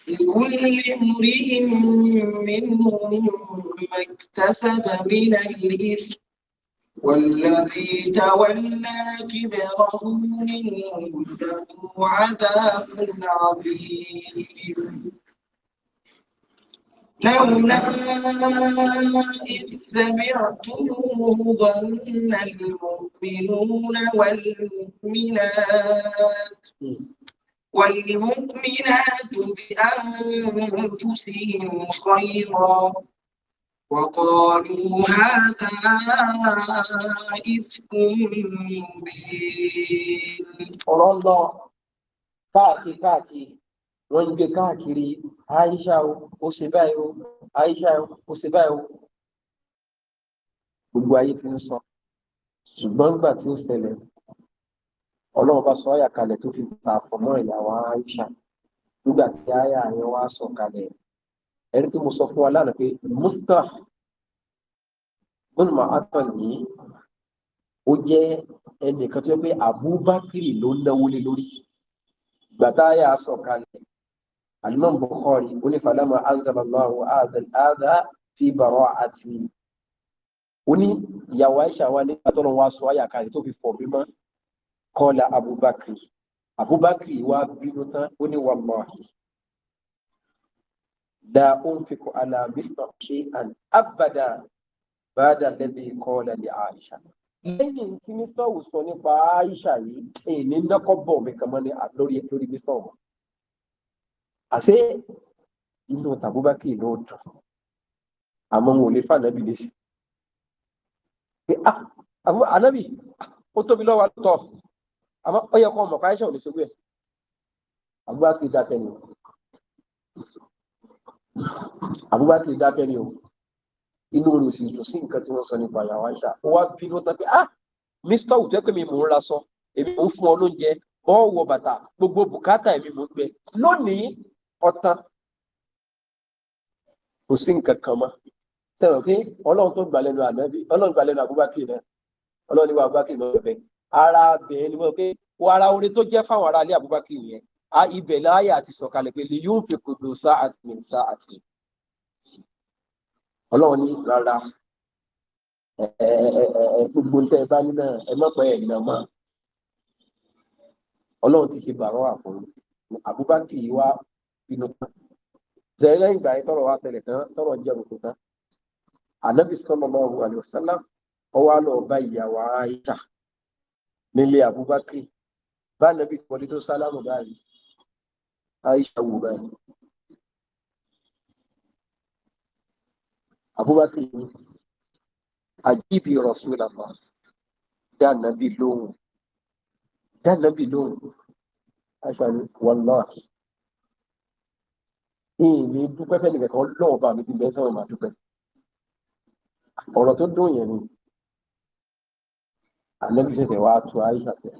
لكل امرئ منهم ما اكتسب من الإثم والذي تولى كبره منهم له عذاب عظيم لولا إذ سمعتموه ظن المؤمنون والمؤمنات والمؤمنات بأنفسهم خيرا وقالوا هذا إفك مبين ọ̀rọ̀ ń lọ káàkiri káàkiri wọ́n ń gbé káàkiri Aisha o ó ṣe báyìí o Aisha ó ṣe báyìí o gbogbo ayé ti ń sọ ṣùgbọ́n nígbà tí ó ṣẹlẹ̀ ọlọ́run bá sọ àyà kalẹ̀ tó fi ta àpọ̀ mọ́ ìyàwó Aisha nígbà tí àyà yẹn wá sọ kalẹ̀ ẹni tí mo sọ fún wa lánàá pé Mustah bọ́lùmọ̀ atọ́n yìí ó jẹ́ ẹnìkan tó yẹ pé Abubakar ló náwó lé lórí gbàtà àyà sọ kalẹ̀ alimam Bukhari onífàlámà anzalallahu adha fi bàrọ̀ àti oní ìyàwó Aisha wa nígbà tó lọ wá sọ àyà kalẹ̀ tó fi fọ̀ mímọ́ kọ́lá abubakar abubakar wá bínú tán ó ní wàláhì la unfiqu ala mr shay'an abada bada alladhi qala li aisha lẹ́yìn tí mr wu sọ nípa aisha yìí èyí ní ndọ́kọ̀ bọ̀ mi kàn mọ́ ní lórí lórí mr wu àṣé inú tàbúbákì ló dùn àmọ́ wọn ò lè fà nábì lè sí. Ah, ànábì ó tóbi lọ́wọ́ àtọ̀ àmọ́ ó yẹ kó ọmọ káyọ̀ṣẹ́ ò lè ṣogún ẹ̀ Abubakar dákẹ́ ni o Abubakar dákẹ́ ni o inú rẹ̀ ò sì dùn sí nǹkan tí wọ́n sọ nípa ìyàwó àṣà ó wá bínú tán pé ah mr òtún ẹ pé mi mò ń ra sọ èmi mò ń fún ọ lóúnjẹ bọ́ọ̀wọ̀ bàtà gbogbo bùkátà èmi mò ń gbẹ lónìí ọ̀tán kò sí nǹkan kan mọ́ sẹ́wọ̀n pé ọlọ́run tó gbà lẹ́nu ànábì ọlọ́run gbà lẹ́nu Abubakar náà ọlọ́run ní wa Abubakar náà bẹ́ẹ̀. ara bẹ́ẹ̀ ni wọ́n pé ara orin tó jẹ́ fáwọn ará ilé Abubakar yẹn a ibẹ̀ láàyè àti sọ̀kalẹ̀ pé lè yóò fi kòdò sáàtì mi sáàtì ọlọ́run ní rárá gbogbo tẹ bá ẹ mọ̀pẹ́ ẹ̀ ọlọ́run ti ṣe Abubakar yìí wá inú kan ìgbà yẹn tọrọ wa tẹlẹ̀ tán tọrọ jẹ́ òkú tán ọwọ́ àlọ́ Aisha nílé Abubakar bá nàbí ìwọlé tó sálámù báyìí Aisha wò báyìí Abubakar ní àjíbi Rasulullah dá nàbí lóhùn dá nàbí lóhùn Aisha ní wàlláhi èèmí dúpẹ́ fẹ́ nìkan kan lọ́ọ̀bà mi ti bẹ́ẹ̀ sọ̀rọ̀ màá dúpẹ́ ọ̀rọ̀ tó dùn yẹn ni àlẹ́bí ṣẹ̀ṣẹ̀ wá tu àyíṣà tẹ̀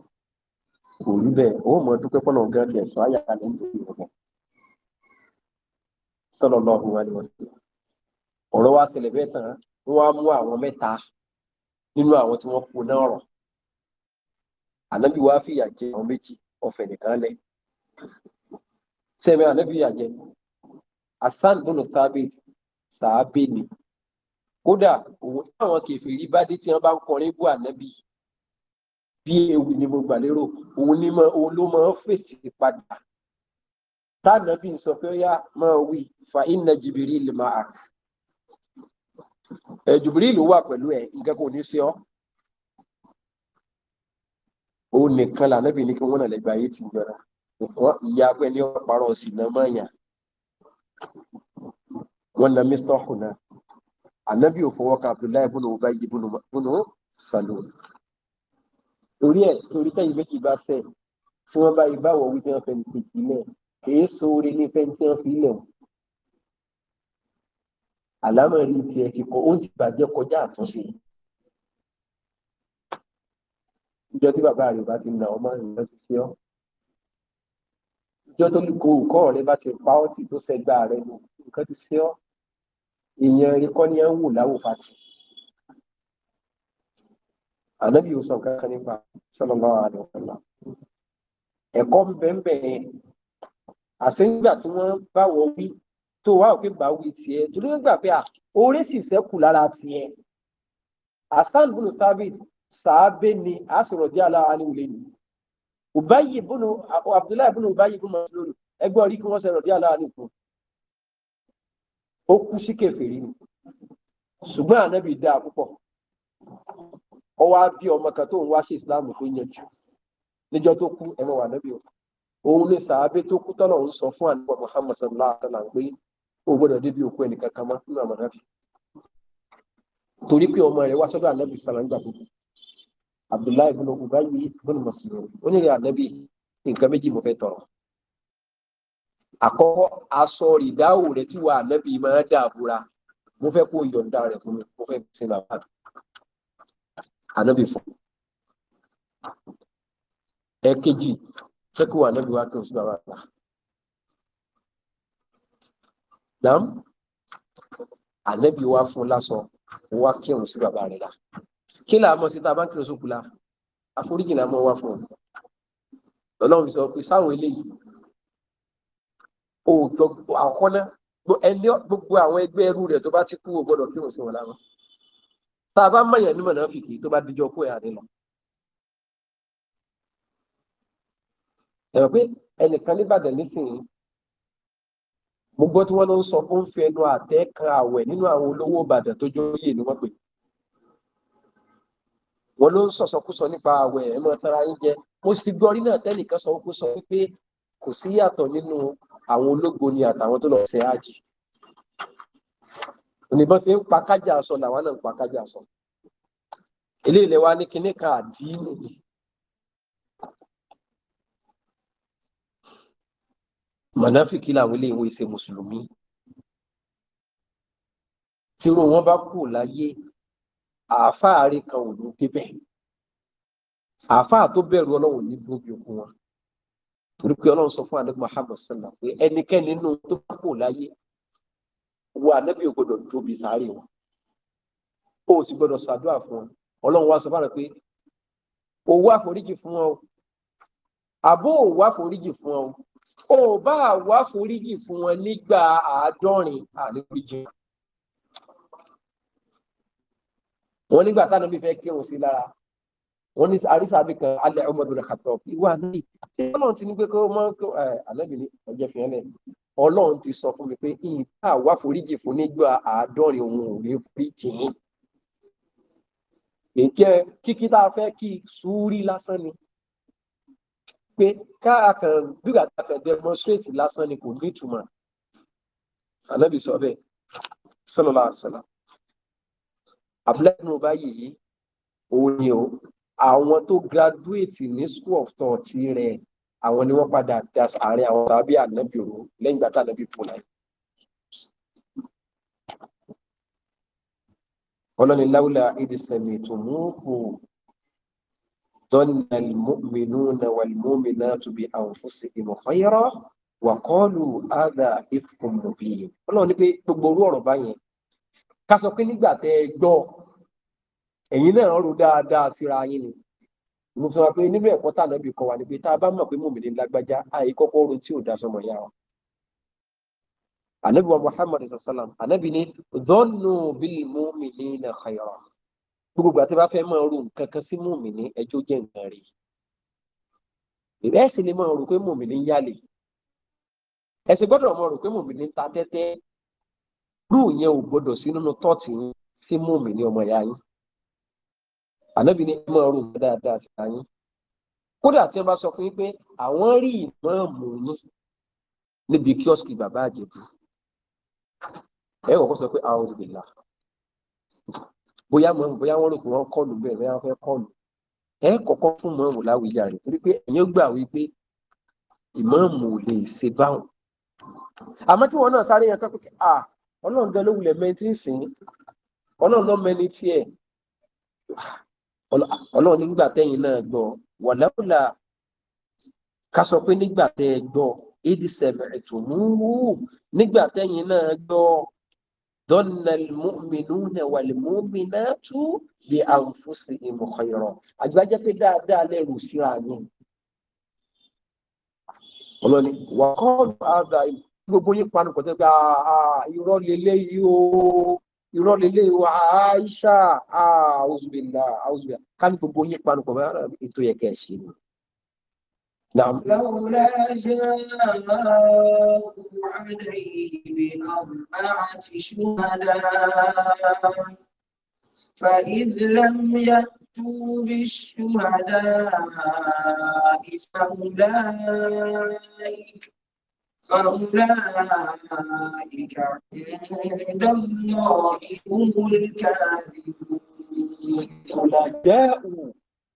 kò rí bẹ́ẹ̀ ó mọ̀ dúpẹ́ pọ́nà ọ̀gá rẹ̀ sọ àyà rẹ̀ nítorí ọ̀gá sallallahu alaihi wasallam ọ̀rọ̀ wa ṣẹlẹ̀ bẹ́ẹ̀ tán wọ́n wá mú àwọn mẹ́ta nínú àwọn tí wọ́n kú náà rọ̀ ànábì wá fìyà jẹ àwọn méjì ọ̀fẹ́ nìkan lẹ̀ sẹ́mi ànábì yà jẹ Hasan bùnú sábẹ́ sàábẹ́ ni kódà òun táwọn kẹfìrí bá dé tí wọ́n bá ń kọrin bú ànábì bí ewì ni mo gbà lérò òun ni mo òun ló máa ń fèsì padà táànà bí n sọ pé ó yá máa wí fa inna Jibril ma'ak ẹ Jibril wà pẹ̀lú ẹ nǹkan kò ní sí ọ òun nìkan lànàbì ní kí wọn nàlẹ gba ayé ti yọra wọn ìyá pẹ ní ọparọ sí náà máa yàn wọn na Mr. huna anabi ò Abdullahi bùnú Ubay bùnú Salul torí ẹ̀ sórí tẹ́yìn méjì bá fẹ́ tí wọ́n bá ibà wọ̀ wípé wọ́n fẹ́ ní tètè ilẹ̀ èyí sóore ní fẹ́ tí wọ́n fi ilẹ̀ wọ̀. àlámọ̀ rí tiẹ̀ ti kọ́ ó ti bàjẹ́ kọjá àtúnṣe. ìjọ tí bàbá rẹ̀ bá ti nà ọmọ ìyá ti ṣe ọ́. ìjọ tó lù kó òkọ́ rẹ̀ bá ti pa ọ́ tì tó sẹ́gbà rẹ̀ lò nǹkan ti ṣe ọ́. èèyàn rẹ̀ kọ́ ni ẹ̀ ń wò láwò fàtì ànábì yóò sọ nǹkan kan nípa sallallahu alaihi wasallam ẹ̀kọ́ bẹ́ẹ̀ àṣẹ́yìngbà tí wọ́n bá wọ wí tó wá òkè bá wí tiẹ̀ torí wọ́n gbà pé à oore sì sẹ́kù lára tiẹ̀ hasan bunu thabit sàábé ni àsọ̀rọ̀ díẹ̀ aláàánú ilé ni ubayi bunu abdullahi bunu ubayi bunu masilolu ẹgbẹ́ orí kí wọ́n sẹ̀rọ̀ díẹ̀ aláàánú fún ó kú sí kèfèrí ni ṣùgbọ́n ànábì dáa púpọ̀ ọ wá bí ọmọ kan tó ń wá ṣe islam tó yanjú níjọ́ tó kú ẹ mọ wà lẹbi o òun ní sàábé tó kú tọ́lọ̀ ń sọ fún àníwọ̀ muhammad sallallahu alaihi wa sallam pé o gbọ́dọ̀ débi òkú ẹnìkan kan mọ́ nínú àmọ́ nàbì torí pé ọmọ rẹ̀ wá sọ́dọ̀ ànábì sallam gbà tó kú abdullahi ibn ubayi ibn mas'ud ó ní nǹkan méjì mo fẹ́ tọrọ àkọ́kọ́ aṣọ ìdáhùn rẹ̀ tí wà ànábì máa dàbúra mo fẹ́ kó yọ̀ǹda rẹ̀ fún mi mo fẹ́ sin bàbá ànábì fún ẹ̀kejì fẹ́kù ànábì wá kí o sí bàbá àgbà dám ànábì wá fún lásọ wá kí o sí bàbá rẹ̀ la kí là á mọ̀ sí tá a bá ń kí o sókù la àforíjì là á mọ̀ wá fún ọ lọ́lọ́run fi sọ pé sáwọn eléyìí òòjọ́ àkọ́ná gbogbo àwọn ẹgbẹ́ ẹrú rẹ̀ tó bá ti kú ò gbọ́dọ̀ kí o sí wọn lára tá a bá mọ̀yàn ní mọ̀nàfìkì tó bá dijọ́ kó ẹ̀ àdínà. ẹ̀rọ pé ẹnìkan nìbàdàn nísìnyí mo gbọ́ tí wọ́n ló ń sọ ó ń fi ẹnu àtẹ́ kan àwẹ̀ nínú àwọn olówó ìbàdàn tó jóyè ni wọ́n pè wọ́n ló ń sọ̀sọkúsọ nípa àwẹ̀ ẹ̀ mọ́ tara yín jẹ mo sì gbọ́ rí tẹ́nìkan sọ kó sọ pé kò sí yàtọ̀ nínú àwọn ológo ni àtàwọn tó lọ ṣe ájì oníbọn ṣe ń pa kájà sọ làwọn náà ń pa kájà sọ eléyìí lè wá ní kinní kan àdínì mọ̀náfíkì làwọn eléyìí wọ́n ṣe mùsùlùmí tírú wọn bá kù láyé àáfàárí kan ò ní débẹ̀ àáfàá tó bẹ̀rù ọlọ́run ní dúró bí wọn torí pé ọlọ́run sọ fún adébọ̀ Muhammad sallam pé ẹnikẹ́ni nínú tó bá kù láyé wo ànábì ò gbọdọ̀ tóbi sáré wọn o sì gbọdọ̀ ṣàdúrà fún wọn ọlọ́run wa sọ fún àwọn pé òwú àforíjì fún wọn o àbó òwú àforíjì fún wọn o ò bá àwọ̀ àforíjì fún wọn nígbà àádọ́rin àlébíjì wọn nígbà táwọn bí fẹ́ kírun sí lára wọ́n ní àrísàbí kan alẹ́ ọmọdún rẹ̀ kàtọ́ ìwà ní tí ọlọ́run ti ní pé kó mọ́ àlẹ́bí ní ọjọ́ fi hàn ọlọ́run ti sọ fún mi pé ìyìnbá wà foríjì fún nígbà àádọ́rin òun ò rí foríjì yín ìjẹ́ kíkí tá a fẹ́ kí sùúrí lásán ni pé káàkàn bígbà kàkàn demonstrate lásán ni kò ní ìtumọ̀ ànábì sọ bẹ́ẹ̀ sallallahu alaihi wasallam abúlé ní mo bá yìí òun ni o àwọn tó graduate ní school of thought rẹ̀ àwọn ni wọ́n padà da àárín àwọn sábẹ́ ànábì rò lẹ́yìn ìgbà tá ànábì kú náà. ọlọ́ni láwùlà ìdísẹ̀mì tó mú kù dọ́nà mímú na wàlmúmi náà tó bí àwọn fúnṣe ìmọ̀ fọ́yẹ́rọ́ wà kọ́ọ̀lù ádà ìfúnkùn mọ̀bí. ọlọ́run ní pé gbogbo orú ọ̀rọ̀ báyẹn ká sọ pé nígbà tẹ́ ẹ gbọ́ ẹ̀yin náà rò dáadáa síra yín ni mo sọ pé nínú ẹ̀kọ́ tànà bí kọ wà ní pé tá a bá mọ̀ pé mòmìnì lágbájá àyè kọ́kọ́ oorun tí ò da sọmọ yá wa. anabi wa muhammad sallam anabi ni dhannu bil mu'minina khayra gbogbo ìgbà tí a bá fẹ́ máa ro nǹkan kan sí mòmìnì ẹjọ́ jẹ́ nǹkan rí ìbẹ́ẹ̀ sì ni máa rò pé mòmìnì ń yálè ẹ̀sìn gbọ́dọ̀ máa rò pé mòmìnì ń ta tẹ́tẹ́ rú ìyẹn ò gbọ́dọ̀ sí nínú tọ́ọ̀tì yín sí mòmìnì ọmọ ìyá yín ànábì ní ìmọ̀ ọ̀rùn mi dáadáa sí ta yín kódà tí wọ́n bá sọ fún yín pé àwọn rí ìmọ̀ọ́mù yín níbi kíọ́sìkì bàbá àjẹbù ẹ kọ́kọ́ sọ pé àwọn òbílà bóyá mọ̀ọ́mù bóyá wọ́n rò pé wọ́n kọlù bẹ́ẹ̀ bóyá wọ́n fẹ́ kọlù ẹ kọ́kọ́ fún mọ̀ọ́mù láwùjá rẹ̀ torí pé ẹ̀yin ó gbà wípé ìmọ̀ọ́mù ò lè ṣe báwọn àmọ́ kí wọ́n náà sáré yẹn kọ́kọ́ à ọlọ́run gan ló tiẹ̀ ọlọ́run ní nígbà tẹ́yìn náà gbọ́ wàláwùlà ká sọ pé nígbà tẹ́ ẹ gbọ́ eighty seven ètò múhù nígbà tẹ́yìn náà gbọ́ dọ́nàl mọ́mìnú náà wàlẹ̀ mọ́mìnà tú lè àǹfọ̀sì ìmọ̀kọ̀ ìrọ̀ àgbájẹ́ pé dáadáa lẹ́rù síra yẹn ọlọ́ni wà kọ́ọ̀lù àgbà gbogbo yín panu kò tẹ́ pé irọ́ lélẹ́yìí o irọ́ lélẹ̀ wa aisha auzubila auzubila káni gbogbo yín panupọ̀ bá ètò yẹ kẹ́ ẹ ṣe ni. لولا جاءكم عليه بأربعة شهداء فإذ لم يأتوا بالشهداء فأولئك فأولئك عند الله هم الكاذبون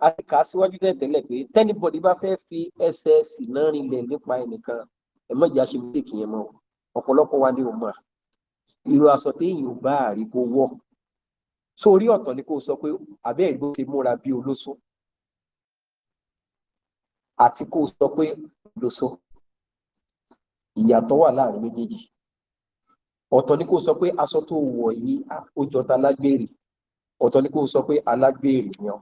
àtìkà síwájú tẹ̀tẹ̀lẹ̀ pé tẹ́nibọ̀dì bá fẹ́ fi ẹsẹ̀ sí náà rinlẹ̀ nípa ẹnìkan ẹ̀ mọ̀jà ṣe bí èkì yẹn mọ́ ọ̀pọ̀lọpọ̀ wa ni ò mọ̀ irú aṣọ téèyàn bá àrí kó wọ̀ sórí ọ̀tọ̀ ni kò sọ pé àbẹ́ ìgbó ti múra bí olóṣó àti kò sọ pé olóṣó ìyàtọ̀ wà láàrin méjèèjì ọ̀tọ̀ ni kò sọ pé aṣọ tó wọ̀ yìí ó jọta lágbèrè ọ̀tọ̀ ni kò sọ pé alágbèrè ni ọ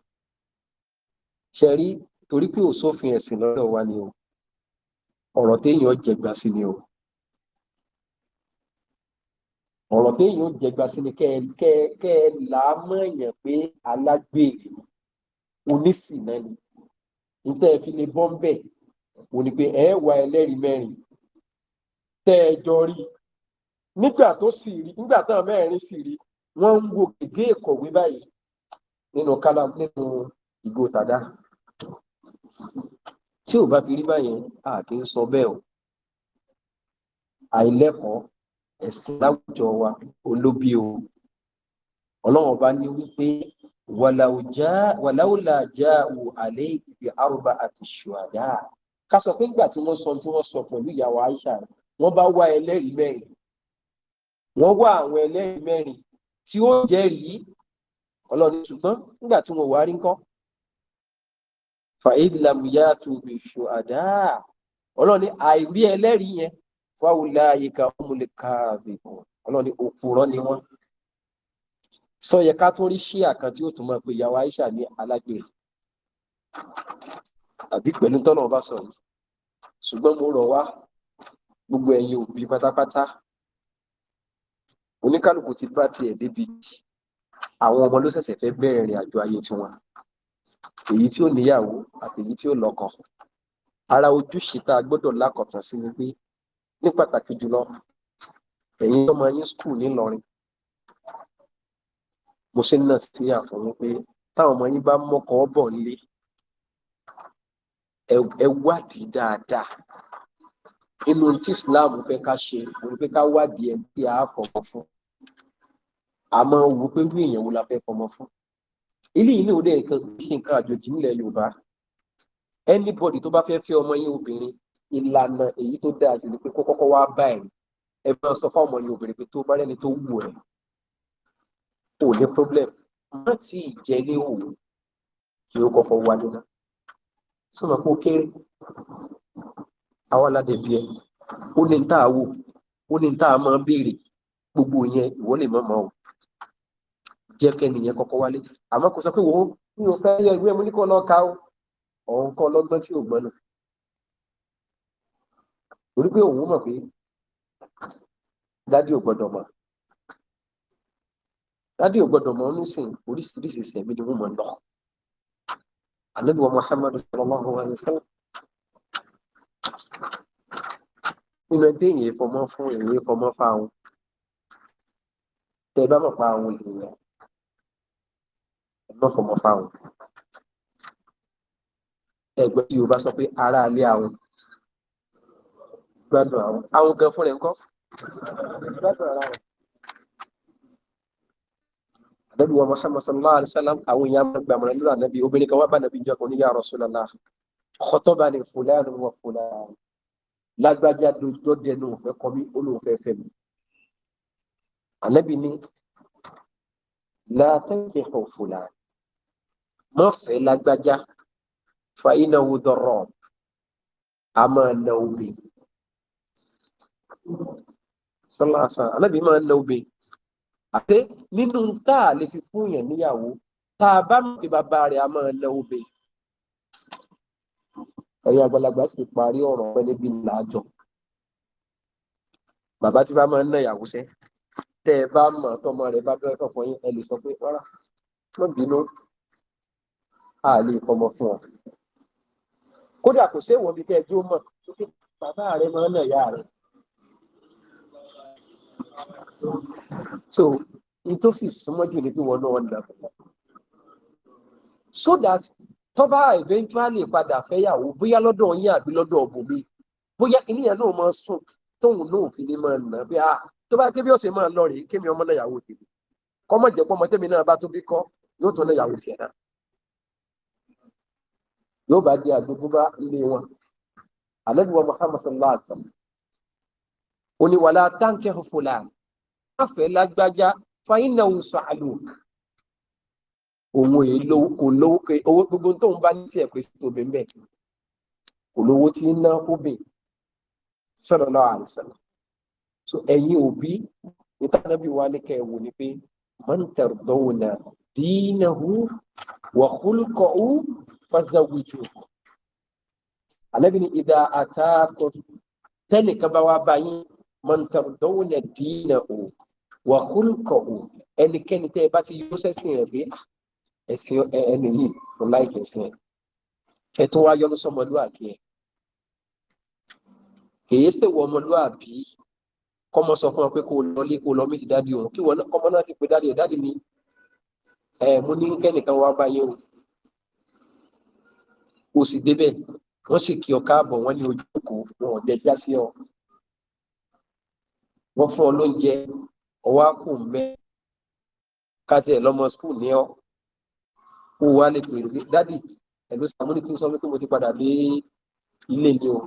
ṣẹ̀rí torí pé òsófin ẹ̀sìn lọ́dọ̀ wa ni o ọ̀rọ̀ téèyàn jẹgba sí ni o ọ̀rọ̀ téèyàn jẹgba sí ni kẹ́ ẹ là á èèyàn pé alágbèrè onísìnà ni nítorí fi lè bọ́ ń bẹ̀ òní pé ẹ wá ẹlẹ́rìí mẹ́rin tẹ́ ẹ jọ rí nígbà tó sì rí nígbà táwọn mẹ́rin sì rí wọ́n ń wo gègé ìkọ̀wé báyìí nínú kálá nínú ìgò tàdá tí ò bá fi rí báyẹn a kì í sọ bẹ́ẹ̀ o àìlẹ́kọ̀ọ́ ẹ̀sìn láwùjọ wa olóbi o ọlọ́run bá ní wípé wàláwùlà já wò àlẹ́ ìgbé àrùbá àti ṣùádá ká sọ pé nígbà tí wọ́n sọ tí wọ́n sọ pẹ̀lú ìyàwó Aisha wọ́n bá wá ẹlẹ́rìí mẹ́rin wọ́n wá àwọn ẹlẹ́rìí mẹ́rin tí ó jẹ́rìí ọlọ́run ṣùgbọ́n nígbà tí wọ́n wá rí nǹkan fàídìlámùyá tóbi ṣùhàdá ọlọ́run ní àìrí ẹlẹ́rìí yẹn fáwọlá ayíká ọmọlẹ̀ káàbì ọlọ́run ní òpùrọ́ ni wọ́n sọ yẹ ká tó rí ṣíà kan tí ó tún máa pe ìyàwó Aisha ní alágbèrè àbí pẹ̀lú tọ́nà ọba sọ̀rọ̀ ṣùgbọ́n mo rọ̀ wá gbogbo ẹ̀yin òbí pátápátá oníkálukú ti bá tiẹ̀ débi àwọn ọmọ ló ṣẹ̀ṣẹ̀ fẹ́ bẹ̀rẹ̀ ìrìn àjò ayé tiwọn èyí tí ó níyàwó àti èyí tí ó lọ́kọ ara ojúṣe tá a gbọ́dọ̀ lákọ̀tàn sí ni pé ní pàtàkì jùlọ ẹ̀yin ọmọ yín skul nílọrin mo ṣe ń nà sí àfọwọ́n pé táwọn ọmọ yín bá mọ́kọ́ bọ̀ nílé ẹ wádìí dáadáa inú tí Islam fẹ́ ká ṣe òun pé ká wádìí ẹni tí a fọmọ fún àmọ́ wò pé irú èèyàn wo la fẹ́ fọmọ fún ilé yìí ní òde nǹkan ṣe nǹkan àjòjì nílẹ̀ Yorùbá anybody tó bá fẹ́ fẹ́ ọmọ yín obìnrin ìlànà èyí tó dáa jù ni pé kó kọ́kọ́ wá bá ẹ̀ ẹ bá sọ fún ọmọ yín obìnrin pé tó bá rẹ́ni tó wù ẹ́ ò ní problem má tí ì jẹ ní òun kí ó kọ́kọ́ wá nínú sọ ma kó kéré àwọn aládẹ̀bí ẹ ó ní tá a wò ó ní tá a máa béèrè gbogbo yẹn ìwọ lè mọ̀mọ́ o jẹ́ kẹ́ni yẹn kọ́kọ́ wálé àmọ́ kò sọ pé wọ́n mi ò fẹ́ yẹ ìwé mi ní kò lọ́ọ́ ka o ọ̀hún kọ́ lọ́gbọ́n tí ò gbọ́n náà torí pé òun mọ̀ pé dádì ò gbọ́dọ̀ mọ̀ dádì ò gbọ́dọ̀ mọ̀ nísìn oríṣiríṣi ìṣẹ̀mí ni wọ́n mọ̀ lọ. àlejò Muhammadu sallallahu alaihi wasallam nínú ẹdẹ yẹn fọmọ fún èyí fọmọ fáwọn tẹ bá mọ pa àwọn èèyàn ẹ má fọmọ fáwọn ẹgbẹ tí o bá sọ pé ara alẹ àwọn gbádùn àwọn àwọn gan fúnra ẹ ń kọ gbádùn ara wọn. Ànábì wa Muhammad sallallahu alaihi wa sallam àwọn èèyàn máa gbàmọ̀ lọ́dọ̀ ànábì obìnrin kan wá bá ànábì jọ kan ní ya Rasulullah khataba ni fulani wa fulani lágbájá dọdẹ lòun fẹ́ kọ mí ó lòun fẹ́ fẹ́ mi ànábì ni látẹkẹ ọfọlá mọ fẹ́ lágbájá fa iná wo dọrọ a máa na obe sọláṣà ànábì máa na obe àti nínú tá a lè fi fún yẹn níyàwó tá a bá mọ̀ pé bàbá rẹ̀ a máa na obe ẹ̀yin àgbàlagbà sì parí ọ̀rọ̀ pẹ́ níbi làájọ bàbá tí bá máa ń ná ìyàwó sẹ́ tẹ́ ẹ bá mọ̀ tọmọ rẹ̀ bá bẹ́ẹ̀ kọ̀ fún yín ẹ lè sọ pé rárá má bínú a lè fọmọ fún ọ kódà kò séwọ́ bí kẹ́ ẹ jó mọ̀ bàbá rẹ̀ máa ń ná ìyá rẹ̀ so n tó sì súnmọ́ jù ní bí wọn náà ń dàgbà so that tó bá eventually padà fẹ́yàwó bóyá lọ́dọ̀ yín àbí lọ́dọ̀ ọ̀bùnmi bóyá kí nìyẹn náà máa sùn tóun náà fi ní máa nà bí a ah, tó bá ké bí ó sì máa lọ rèé kémi ọmọ náà yàwó tèmi kọ́mọ̀ jẹ́ pọ́ ọmọ tèmi náà bá tó bí kọ́ yóò tún náà yàwó tiẹ̀ náà yóò bá di àdúgbò bá ilé wọn ànábì Muhammad sallallahu alaihi wa sallam oníwàlá táǹkì fúlàní wọn lágbájá fáyínà òun òun èyí lówó kò lówó kò owó gbogbo tóun bá ní tiẹ̀ pé tóbi ń bẹ̀ kò lówó tí ń ná fóbìn sallallahu alaihi wasallam so ẹ̀yin òbí ìtànàbí wa ní kẹ́ ẹ̀ wò ni pé man tardawna dinahu wa khulqahu fazawwijuhu alẹ́bí ni ìdá àtàkọ tẹ́nìkan bá wá bá yín man tardawna dinahu wa khulqahu ẹnikẹ́ni tẹ́ ẹ bá ti yọ sẹ́sìn rẹ̀ pé ah ẹ̀sìn ẹni yìí mo láìkì sí ẹ ẹ tó wá yọnu sọmọlúàbí ẹ kèyí ṣèwọ ọmọlúàbí kọmọ sọ fún ọ pé kó lọlé kó lọ méjì dádì òun kí wọn kọmọ náà sì pé dádì ẹ dádì mi ẹ mo ní kẹ́nìkan wá báyé o o sì débẹ̀ wọ́n sì kí ọ káàbọ̀ wọ́n ní ojúkòó wọn ò dẹjá sí ọ wọ́n fún ọ lóúnjẹ ọwọ́ á káàtì ẹ̀ lọ́mọ skul ní ọ kó wá lè pè é dádì ẹ̀lú sàmú ní kí n sọ pé mo ti padà dé ilé mi o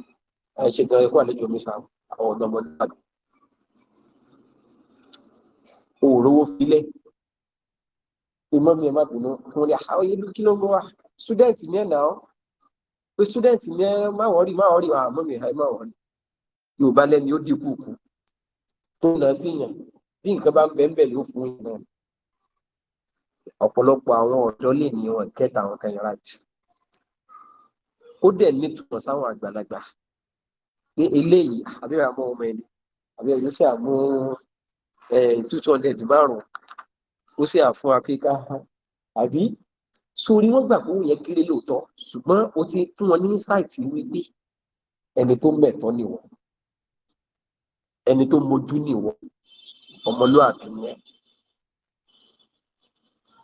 ẹ ṣe gan ẹkọ àlejò mi sàm àwọn ọ̀dọ́mọdé àgbà òòrówó filẹ̀ ìmọ̀ mi ẹ̀ má bínú mo ní àwọn ah, ìlú kí ló ń wá student ní ẹ̀ náà pé student ní ẹ má wọ́ọ̀rì má wọ́ọ̀rì àmọ́ ah, mi ẹ̀ má wọ́ọ̀rì yorùbá lẹ́ni ó dínkù kù tó nà sí yàn bí nǹkan bá ń bẹ́ẹ̀ bẹ́ẹ̀ ló fún yàn ọ̀pọ̀lọpọ̀ àwọn ọ̀dọ́ lè ní wọn kẹta àwọn kan yọra jù ó dẹ̀ nítumọ̀ sáwọn àgbàlagbà pé eléyìí abẹ́rẹ́ àmọ́ ọmọ ẹni abẹ́rẹ́ ló sì àmú two hundred márùn-ún ó sì àfún akéka àbí sórí wọn gbà pé òun yẹn kéré lóòótọ́ ṣùgbọ́n ó ti fún wọn ní sáìtì wípé ẹni tó mẹ̀tọ́ nìwọ ẹni tó mojú nìwọ ọmọlúwàbí ni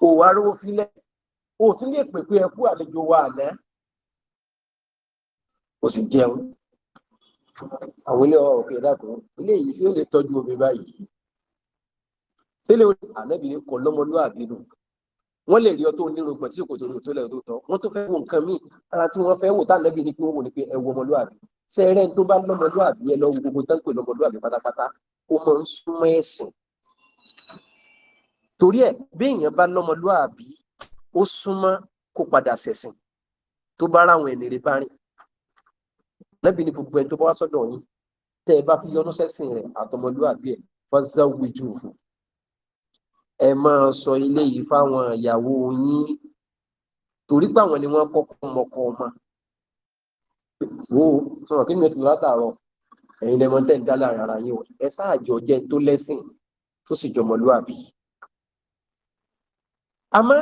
ò rówó filẹ̀ o tún lè pè pé ẹ àlejò wa àná o sì jẹun àwọn ilé ọ̀rọ̀ òkè dàkún ilé yìí sí ó lè tọ́jú omi báyìí tẹ́lẹ̀ orí ànábìrin kọ lọ́mọlúwàbí nù wọ́n lè rí ọtọ onírúgbọ̀n tí kò tóbi tó lẹ́yìn tó tọ́ wọ́n tó fẹ́ wo nǹkan míì ara tí wọ́n fẹ́ wò tá ànábì ní kí wọ́n wò ní pé ẹ wo ọmọlúwàbí sẹ́rẹ́ tó bá lọ́mọlúwàbí ẹ lọ wo gbogbo tán pè lọ́mọlúwàbí pátápátá ó máa ń súnmọ́ ẹ̀sìn torí ẹ béèyàn bá lọ́mọlúàbí ó súnmọ́ kó padà ṣẹ̀sìn tó bá ráwọn ènìyàn bá rìn lẹ́bi ni gbogbo ẹni tó bá wá sọ́dọ̀ yín tẹ́ ẹ bá fi yọnu sẹ́sìn rẹ̀ àtọmọlúàbí ẹ̀ fọ́sá wíjú òfò ẹ máa sọ ilé yìí fáwọn ìyàwó yín torí pé àwọn ni wọ́n kọ́kọ́ mọ́kọ́ ọmọ wo sọ̀rọ̀ kí ni ètò látàárọ̀ ẹ̀yin lẹ́mọ̀ tẹ̀ ń dá lára ara yín o ẹ sáàjọ jẹ́ tó lẹ́sìn tó sì jọmọlúàbí àmọ́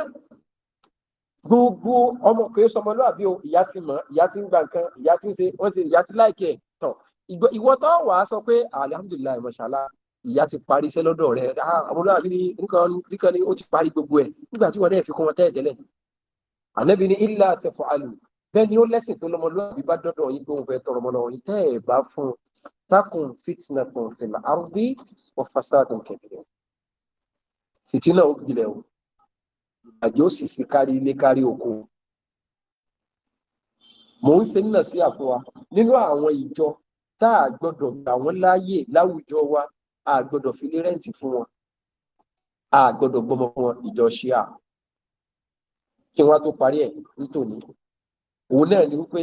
gbogbo ọmọ kò sọmọ lóàbí o ìyá ti mọ̀ ìyá ti ń gba nǹkan ìyá ti ń ṣe wọ́n ṣe ìyá ti láìkẹ́ ẹ̀ tán ìwọ tó wà á sọ pé alihamudulilayi mọ̀ṣálá ìyá ti parí iṣẹ́ lọ́dọ̀ rẹ̀ ah, ọmọlúwàbí ni nǹkan ni ó ti parí gbogbo ẹ̀ nígbà tí wọ́n náà fi kún wọn tẹ́ẹ̀ tẹ́lẹ̀ ànábì ni ilà tẹ̀fọ́ alù bẹ́ẹ̀ ni ó lẹ́sìn tó lọ́mọlúwàbí bá dọ́dọ̀ yín pé òun fẹ́ tọrọ mọ́nà yín tẹ́ ẹ̀ bá fún un takùn fitna fìlà arúgbí ọ̀fàṣà tó ń kẹ̀kẹ́ fìtínà ó gbilẹ̀ o àjọ òṣìṣẹ́ kárí ilé kárí oko mò ń ṣe nínà sí àfún wa nínú àwọn ìjọ tá a gbọ́dọ̀ gbà láàyè láwùjọ wa a gbọ́dọ̀ fi lé rẹ́ǹtì fún wọn a gbọ́dọ̀ gbọ́mọ fún wọn ìjọ ṣíà kí wọ́n tó parí ẹ̀ nítòní òun náà ni wípé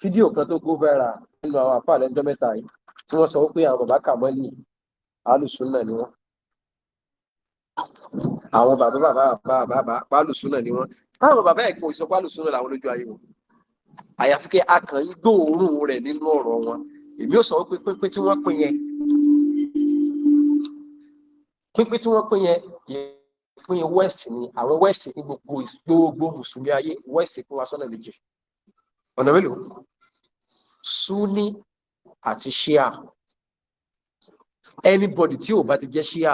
fídíò kan tó go viral nínú àwọn àpá àlẹ́jọ́ mẹ́ta yìí tí wọ́n sọ wípé àwọn bàbá kàmọ́lì alùsùn náà ni wọ́n àwọn bàbá bàbá bàbá bàbá pálùsúnà ni wọn táwọn bàbá ẹ̀ kò sọ pálùsúnà làwọn lójú ayé wọn àyàfi kí akàn ń gbóòórùn rẹ̀ nínú ọ̀rọ̀ wọn èmi ò sọ pé pínpín tí wọ́n pín yẹn pínpín tí wọ́n pín yẹn pín yẹn west ni àwọn west ní gbogbo gbogbo mùsùlùmí ayé west pín wa sọ́nà méjì ọ̀nà mélòó sunni àti shia anybody tí ò bá ti jẹ́ shia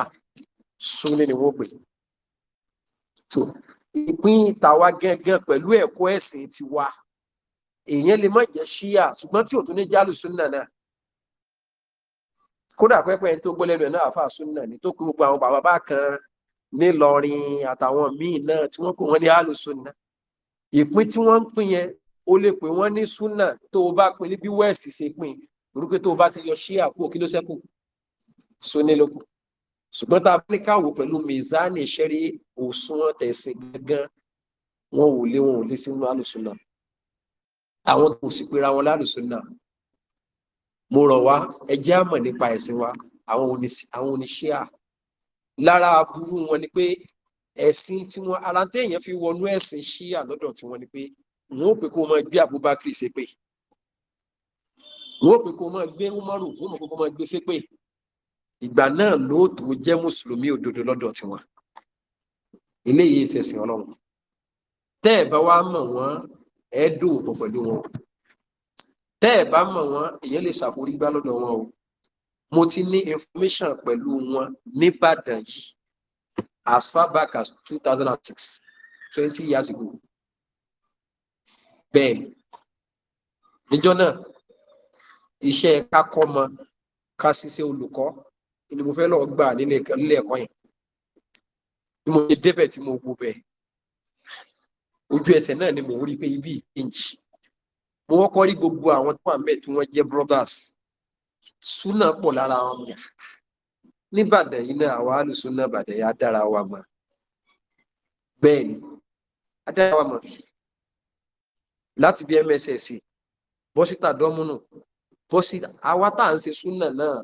sunni ni wọ́n pè é so ìpín tàwa gẹ́gẹ́ pẹ̀lú ẹ̀kọ́ ẹ̀sìn ti wa èèyàn lè má jẹ́ ṣíà ṣùgbọ́n tí ò tún ní jálù súnà náà kódà pẹ́pẹ́ ẹni tó gbólẹ́nu ẹ̀ náà àfa súnà ni tó kú gbogbo àwọn bàbá bá kan nílọrin àtàwọn míì náà tí wọ́n pè wọ́n ní àlù súnà ìpín tí wọ́n ń pín yẹn ó lè pè wọ́n ní súnà tó o bá pín ní bí west ṣe pín orúkọ tó o bá ti yọ ṣíà kú òkè ló ṣẹ́kù súnà ló ṣùgbọ́n tá a bá ní káwò pẹ̀lú mizani ṣẹ́rí òṣùwọ̀n tẹ̀sìn gangan wọn ò lé wọn ò lé sínú alùsùnà àwọn kò sì pera wọn lálùsùnà mo rọ̀ wá ẹjẹ́ àmọ̀ nípa ẹ̀sìn wa àwọn oníṣíà lára aburú wọn ni pé ẹ̀sìn tí wọn aláǹtẹ̀ èèyàn fi wọnú ẹ̀sìn ṣíà lọ́dọ̀ tí wọn ni pé wọn ò pé kó máa gbé Abubakar ṣépè wọn ò pé kó máa gbé Umaru wọn ò pé kó máa gbé ṣépè ìgbà náà ló tó jẹ́ mùsùlùmí òdodo lọ́dọ̀ tiwọn eléyìí ṣẹ̀sìn ọlọ́run tẹ́ ẹ̀ bá wá mọ̀ wọ́n ẹ̀ dòwò pọ̀ pẹ̀lú wọn tẹ́ ẹ̀ bá mọ̀ wọ́n èyàn lè ṣàforígbá lọ́dọ̀ wọn o mo ti ní information pẹ̀lú wọn nìbàdàn yìí as far back as two thousand and six twenty years ago bẹ́ẹ̀ ni níjọ́ náà iṣẹ́ kakọ́mọ ká ṣiṣẹ́ olùkọ́ ni mo fẹ́ lọ gbà nílé ẹ̀kọ́ yẹn bí mo ṣe débẹ̀ tí mo wo bẹ̀ ojú ẹsẹ̀ náà ni mo rí pé ibi ìkéǹjì mo kọ́kọ́ rí gbogbo àwọn tó wà mẹ́ẹ̀ tí wọ́n jẹ́ brothers súnà pọ̀ lára wọn mi níbàdàn yìí náà àwa alùsùnà bàdàn yìí adára wa mọ̀ bẹ́ẹ̀ ni adára wa mọ̀ láti bí mss bọ́sítà dọ́múnù bọ́sítà àwa tá à ń ṣe súnà náà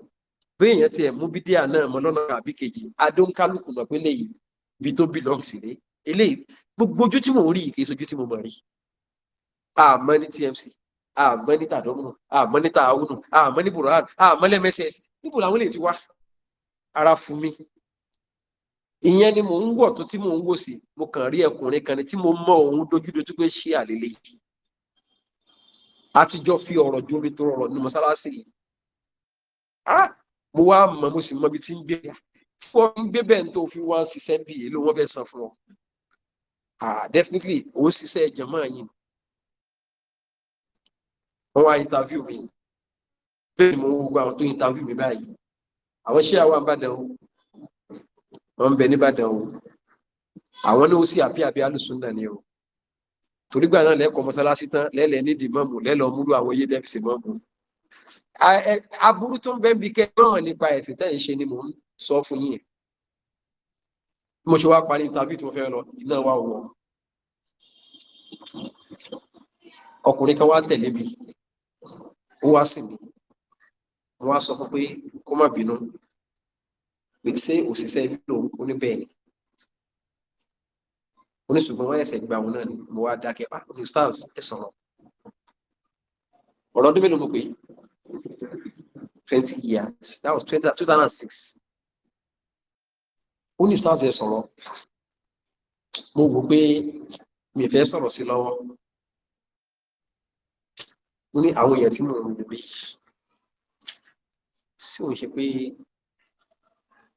pé èèyàn tiẹ̀ mú bídíà náà mọ lọ́nà àbí kejì adóńkálùkù mọ̀ pé léyìí ibi tó belong sí lé eléyìí gbogbo ojú tí mò ń rí yìí kì í sojú tí mo mọ̀ rí àmọ́ ní TMC àmọ́ ní tàdọ́mù àmọ́ ní tààwùnù àmọ́ ní buhari àmọ́ lẹ́mẹ́sẹ̀s níbo làwọn lè ti wá ara fún mi ìyẹn ni mò ń wọ̀ tó tí mò ń wò sí mo kàn rí ẹkùnrin kan ni tí mo mọ òun dojúdojú pé ṣé àlélẹ́ yìí àtijọ́ fi ọ̀rọ̀ jómi tó rọrọ̀ ní mọ́sálásí yìí ah! mo wá mọ̀ mo sì mọ ibi tí ń gbé tí wọ́n ń gbé bẹ́ẹ̀ tó fi wá ń ṣiṣẹ́ bí èlò wọn fẹ́ san fún ọ ah definitely ó ń ṣiṣẹ́ jẹ̀mọ́ yìí ni wọ́n wá interview mi bẹ́ẹ̀ ni mo ń gbogbo àwọn tó interview mi báyìí àwọn ṣé àwọn àbàdàn o wọ́n ń bẹ níbàdàn o àwọn náà ó sì àbí àbí alùsùn náà ni o torígbà náà lẹ́kọ̀ọ́ mọ́sálásí tán lẹ́lẹ̀ nídìí mọ́mù lẹ́lọ́ọ́ múlò àwọn yé dẹ́bìsì mọ́mù aburú tó ń bẹ́ bí kẹ́ràn nípa ẹ̀sìn tẹ́ ń ṣe ni mò ń sọ fún yín mo ṣe wá parí tàbí tí mo fẹ́ lọ iná wá wọ̀ ọkùnrin kan wá tẹ̀lé mi ó wá sí mi mo wá sọ fún pé kó má bínú pé ṣé òṣìṣẹ́ ibi lòun ó ní bẹ́ẹ̀ ni oníṣùgbọ́n wọ́n ẹ̀sẹ̀ gba òun náà ni mo wá dákẹ́ bá ní stars ẹ̀ sọ̀rọ̀ ọ̀rọ̀ ọdún mélòó mo pè é 20 years that was twenty two thousand and six ó ní stars yẹn sọ̀rọ̀ mo wò pé mi fẹ́ sọ̀rọ̀ sí lọ́wọ́ mo ní àwọn èèyàn tí mo rò bí sí òun ṣe pé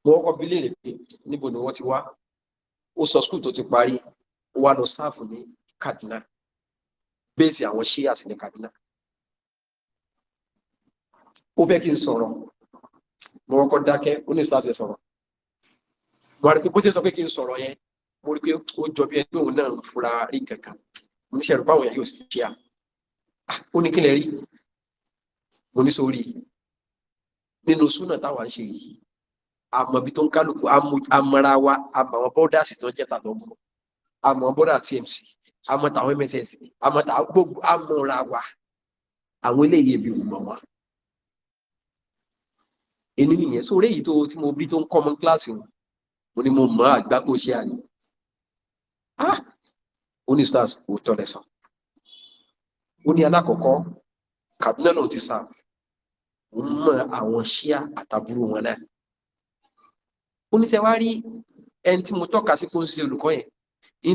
mo kọ́kọ́ bi léèrè pé níbo ni wọ́n ti wá ó sọ skul tó ti parí ó wá lọ sáàfù ní Kaduna bẹ́ẹ̀sì àwọn ṣíàsì ní Kaduna ó fẹ́ kí n sọ̀rọ̀ mo kọ́kọ́ dákẹ́ ó ní sáà sọ̀rọ̀ mo rí pé bó ṣe sọ pé kí n sọ̀rọ̀ yẹn mo rí pé ó jọ bí ẹni òun náà ń fura rí kankan mo ní sẹ́rù báwọn yóò sì ṣe à ah, ó ní kílẹ̀ rí mo ní sórí nínú súnà táwa ń ṣe yìí àmọ́ ibi tó ń kálukú amọ̀ra wa àmọ̀ àwọn bọ́dà sì tó ń jẹ́ tàbí ọmọ àmọ̀ bọ́dà TMC àmọ̀ tàwọn MSS àmọ̀ tàwọn gbogbo àmọ̀ra wa àwọn eléyìí èmi ò mọ̀ wọn ẹni nìyẹn sórí èyí tó tí mo rí tó ń kọ́ mọ́ kíláàsì wọn mo ní mo mọ àgbákò ṣe àní ah ó ní stars kò tọ́ lẹ́sàn ó ní alákọ̀ọ́kọ́ Kaduna náà ti sàn òun mọ àwọn ṣíà àtàbúrò wọn náà ó ní sẹ́ wá rí ẹni tí mo tọ́ka sí fún ṣíṣe olùkọ́ yẹn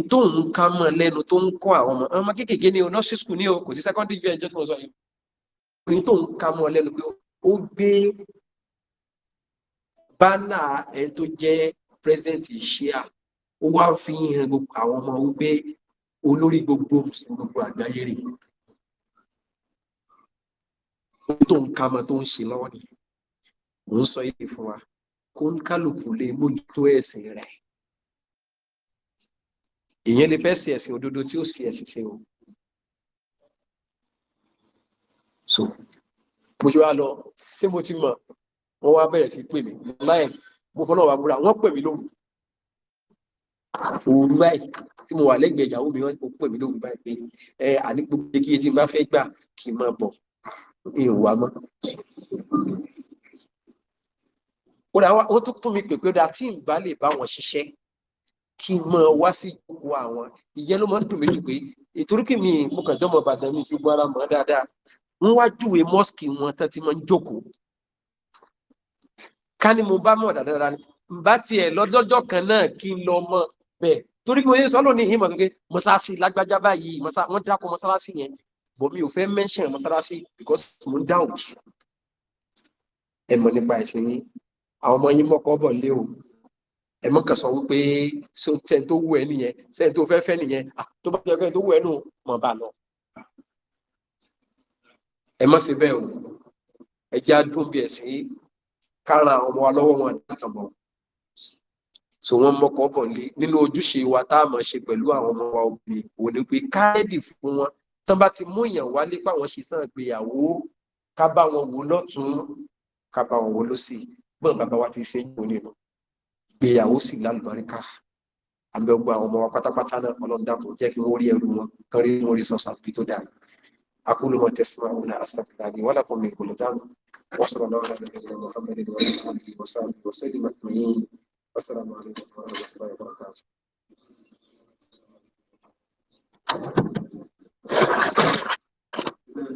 ní tó ń ká mọ́ lẹ́nu tó ń kọ́ àwọn ọmọ ọmọ kéékèèké ní o nursery school ní o kò sí secondary ju ẹjọ́ tí mo sọ yìí ní tó ń ká mọ́ lẹ́nu pé ó gbé bánà ẹni tó jẹ́ president shia ó wá fi hàn gbogbo àwọn ọmọ wípé olórí gbogbo gbogbo àgbáyé rè ó tó nǹkan ọmọ tó ń ṣe lọ́wọ́ nìyẹn mò ń sọ èdè fún wa kó ń kálukú lè mójútó ẹ̀sìn rẹ̀ ìyẹn lè fẹ́ ṣe ẹ̀sìn òdodo tí ó sì ẹ̀sìn ṣe o so mo ṣe wá lọ ṣé mo ti mọ̀ wọ́n wá bẹ̀rẹ̀ sí pè mí láì mo fọ́nà wà múra wọ́n pè mí lóru òru báyìí tí mo wà lẹ́gbẹ̀ẹ́ ìyàwó mi wọ́n pè mí lóru báyìí pé ẹ àní gbogbo kí etí bá fẹ́ gbà kí n máa bọ̀ mi ò wá mọ́. ó dà wọ́n tó tún mi pè pé ó dà tí n bá lè bá wọn ṣiṣẹ́ kí n máa wá sí ìjókòó àwọn ìyẹn ló máa ń dùn mí jù pé ìtorí kí mi mo kàn jọmọ Ìbàdàn mi fi ara mọ́ dáadáa ń wá júwe mọ́sìkì ká ní mo bá mọ̀ dáadáa ni bá tiẹ̀ lọ́jọ́jọ́ kan náà kí n lọ mọ̀ bẹ́ẹ̀ torí pé sọ lónìí ìmọ̀ tó ké mọ́sáàsì lágbájá báyìí wọ́n dákọ̀ mọ́sáàsì yẹn bọ̀ mi ò fẹ́ mention mọ́sáàsì because mo ń dáhùn ẹ mọ̀ nípa ẹ̀sìn yín àwọn ọmọ yín mọ́kọ́ bọ̀ lé o ẹ mọ̀ kàn sọ wípé sẹ́ni tó wù ẹ́ nìyẹn sẹ́ni tó fẹ́ fẹ́ nìyẹn tó bá jẹ́ tó wù ẹ́ nù mọ̀ bá lọ ẹ mọ̀ sí bẹ́ẹ̀ o ẹ já dún bí ẹ̀sìn kára ọmọ wa lọ́wọ́ wọn àtàbọ̀ so wọ́n mọ́kọ́ bọ̀ nínú ojúṣe wa tá a máa ṣe pẹ̀lú àwọn ọmọ wa obìnrin òun ni pé káyẹ̀dì fún wọn tán bá ti mú èèyàn wálé páwọn ṣe sàn ìgbéyàwó ká bá wọn wò lọ́tún ká bá wọn wò lọ́sì bọ́n bàbá wa ti ṣe é jù nínú ìgbéyàwó sì lálùbáríkà àmì ọgbà àwọn ọmọ wa pátápátá náà ọlọ́run dàpọ̀ jẹ́ kí wọ́n rí ẹrú wọn kán rí wọn rí sọ́sàtì tó dáa أقول ما تسمعون أستغفر لي ولكم من كل ذنب وصلى الله على نبينا محمد وعلى آله وصحبه وسلم أجمعين السلام عليكم ورحمة الله وبركاته Thank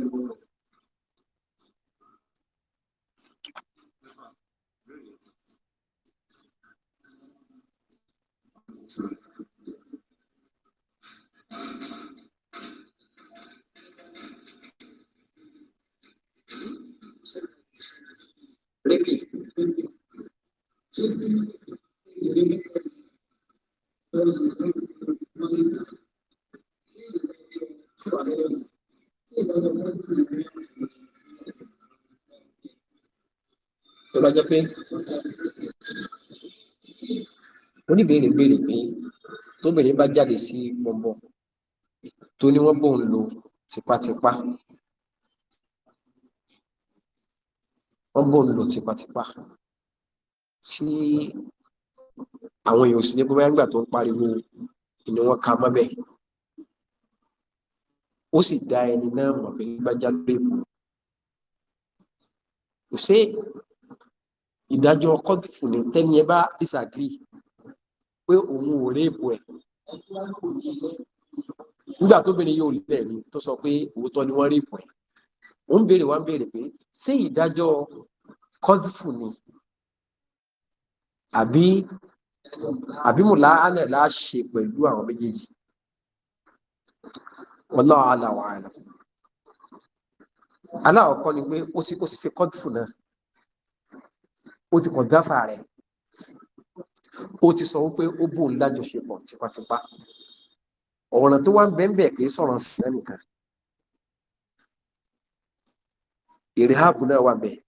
you. rékì ṣé tí ìrìn mẹ́ta sí lọ́wọ́ sí ìrìn mọ́lẹ́ náà tí ìdájọ́ tó wà lọ́wọ́ yìí tí ìdájọ́ mọ́lẹ́ tó wà lọ́wọ́ yìí. tó bá jẹ́ pé oníbèrè béèrè pé tóbìnrin bá jáde sí gbọ̀ngbọ̀n tó ní wọ́n bóun lò tipátipá. wọ́n bò ń lò tipátipá tí àwọn èèyàn sì ní pé báyà tó ń pariwo ni wọ́n ka mọ́bẹ̀ ó sì dá ẹni náà mọ̀ pé gbájá lórí ìbò kò sí ìdájọ́ kọ́ńtìfù ní tẹ́ni ẹ bá disagree pé òun ò rí ìbò ẹ̀ nígbà tóbìnrin yóò lẹ́ẹ̀rí tó sọ pé òótọ́ ni wọ́n rí ìbò ẹ̀ ó ń béèrè wá ń béèrè pé ṣé ìdájọ́ kọ́sífù ni àbí àbí mò láàánẹ̀ láṣe pẹ̀lú àwọn méjèèjì wallahu a'lam wa a'lam aláwọ̀kọ́ ni pé ó ti ó ti ṣe kọ́dùfù náà ó ti kọ̀ dáfà rẹ̀ ó ti sọ wípé ó bò ń lájọṣepọ̀ tipátipá ọ̀ràn tó wá ń bẹ́ẹ̀ bẹ́ẹ̀ kì í sọ̀rọ̀ sí nìkan ìrìhàbù náà wà bẹ́ẹ̀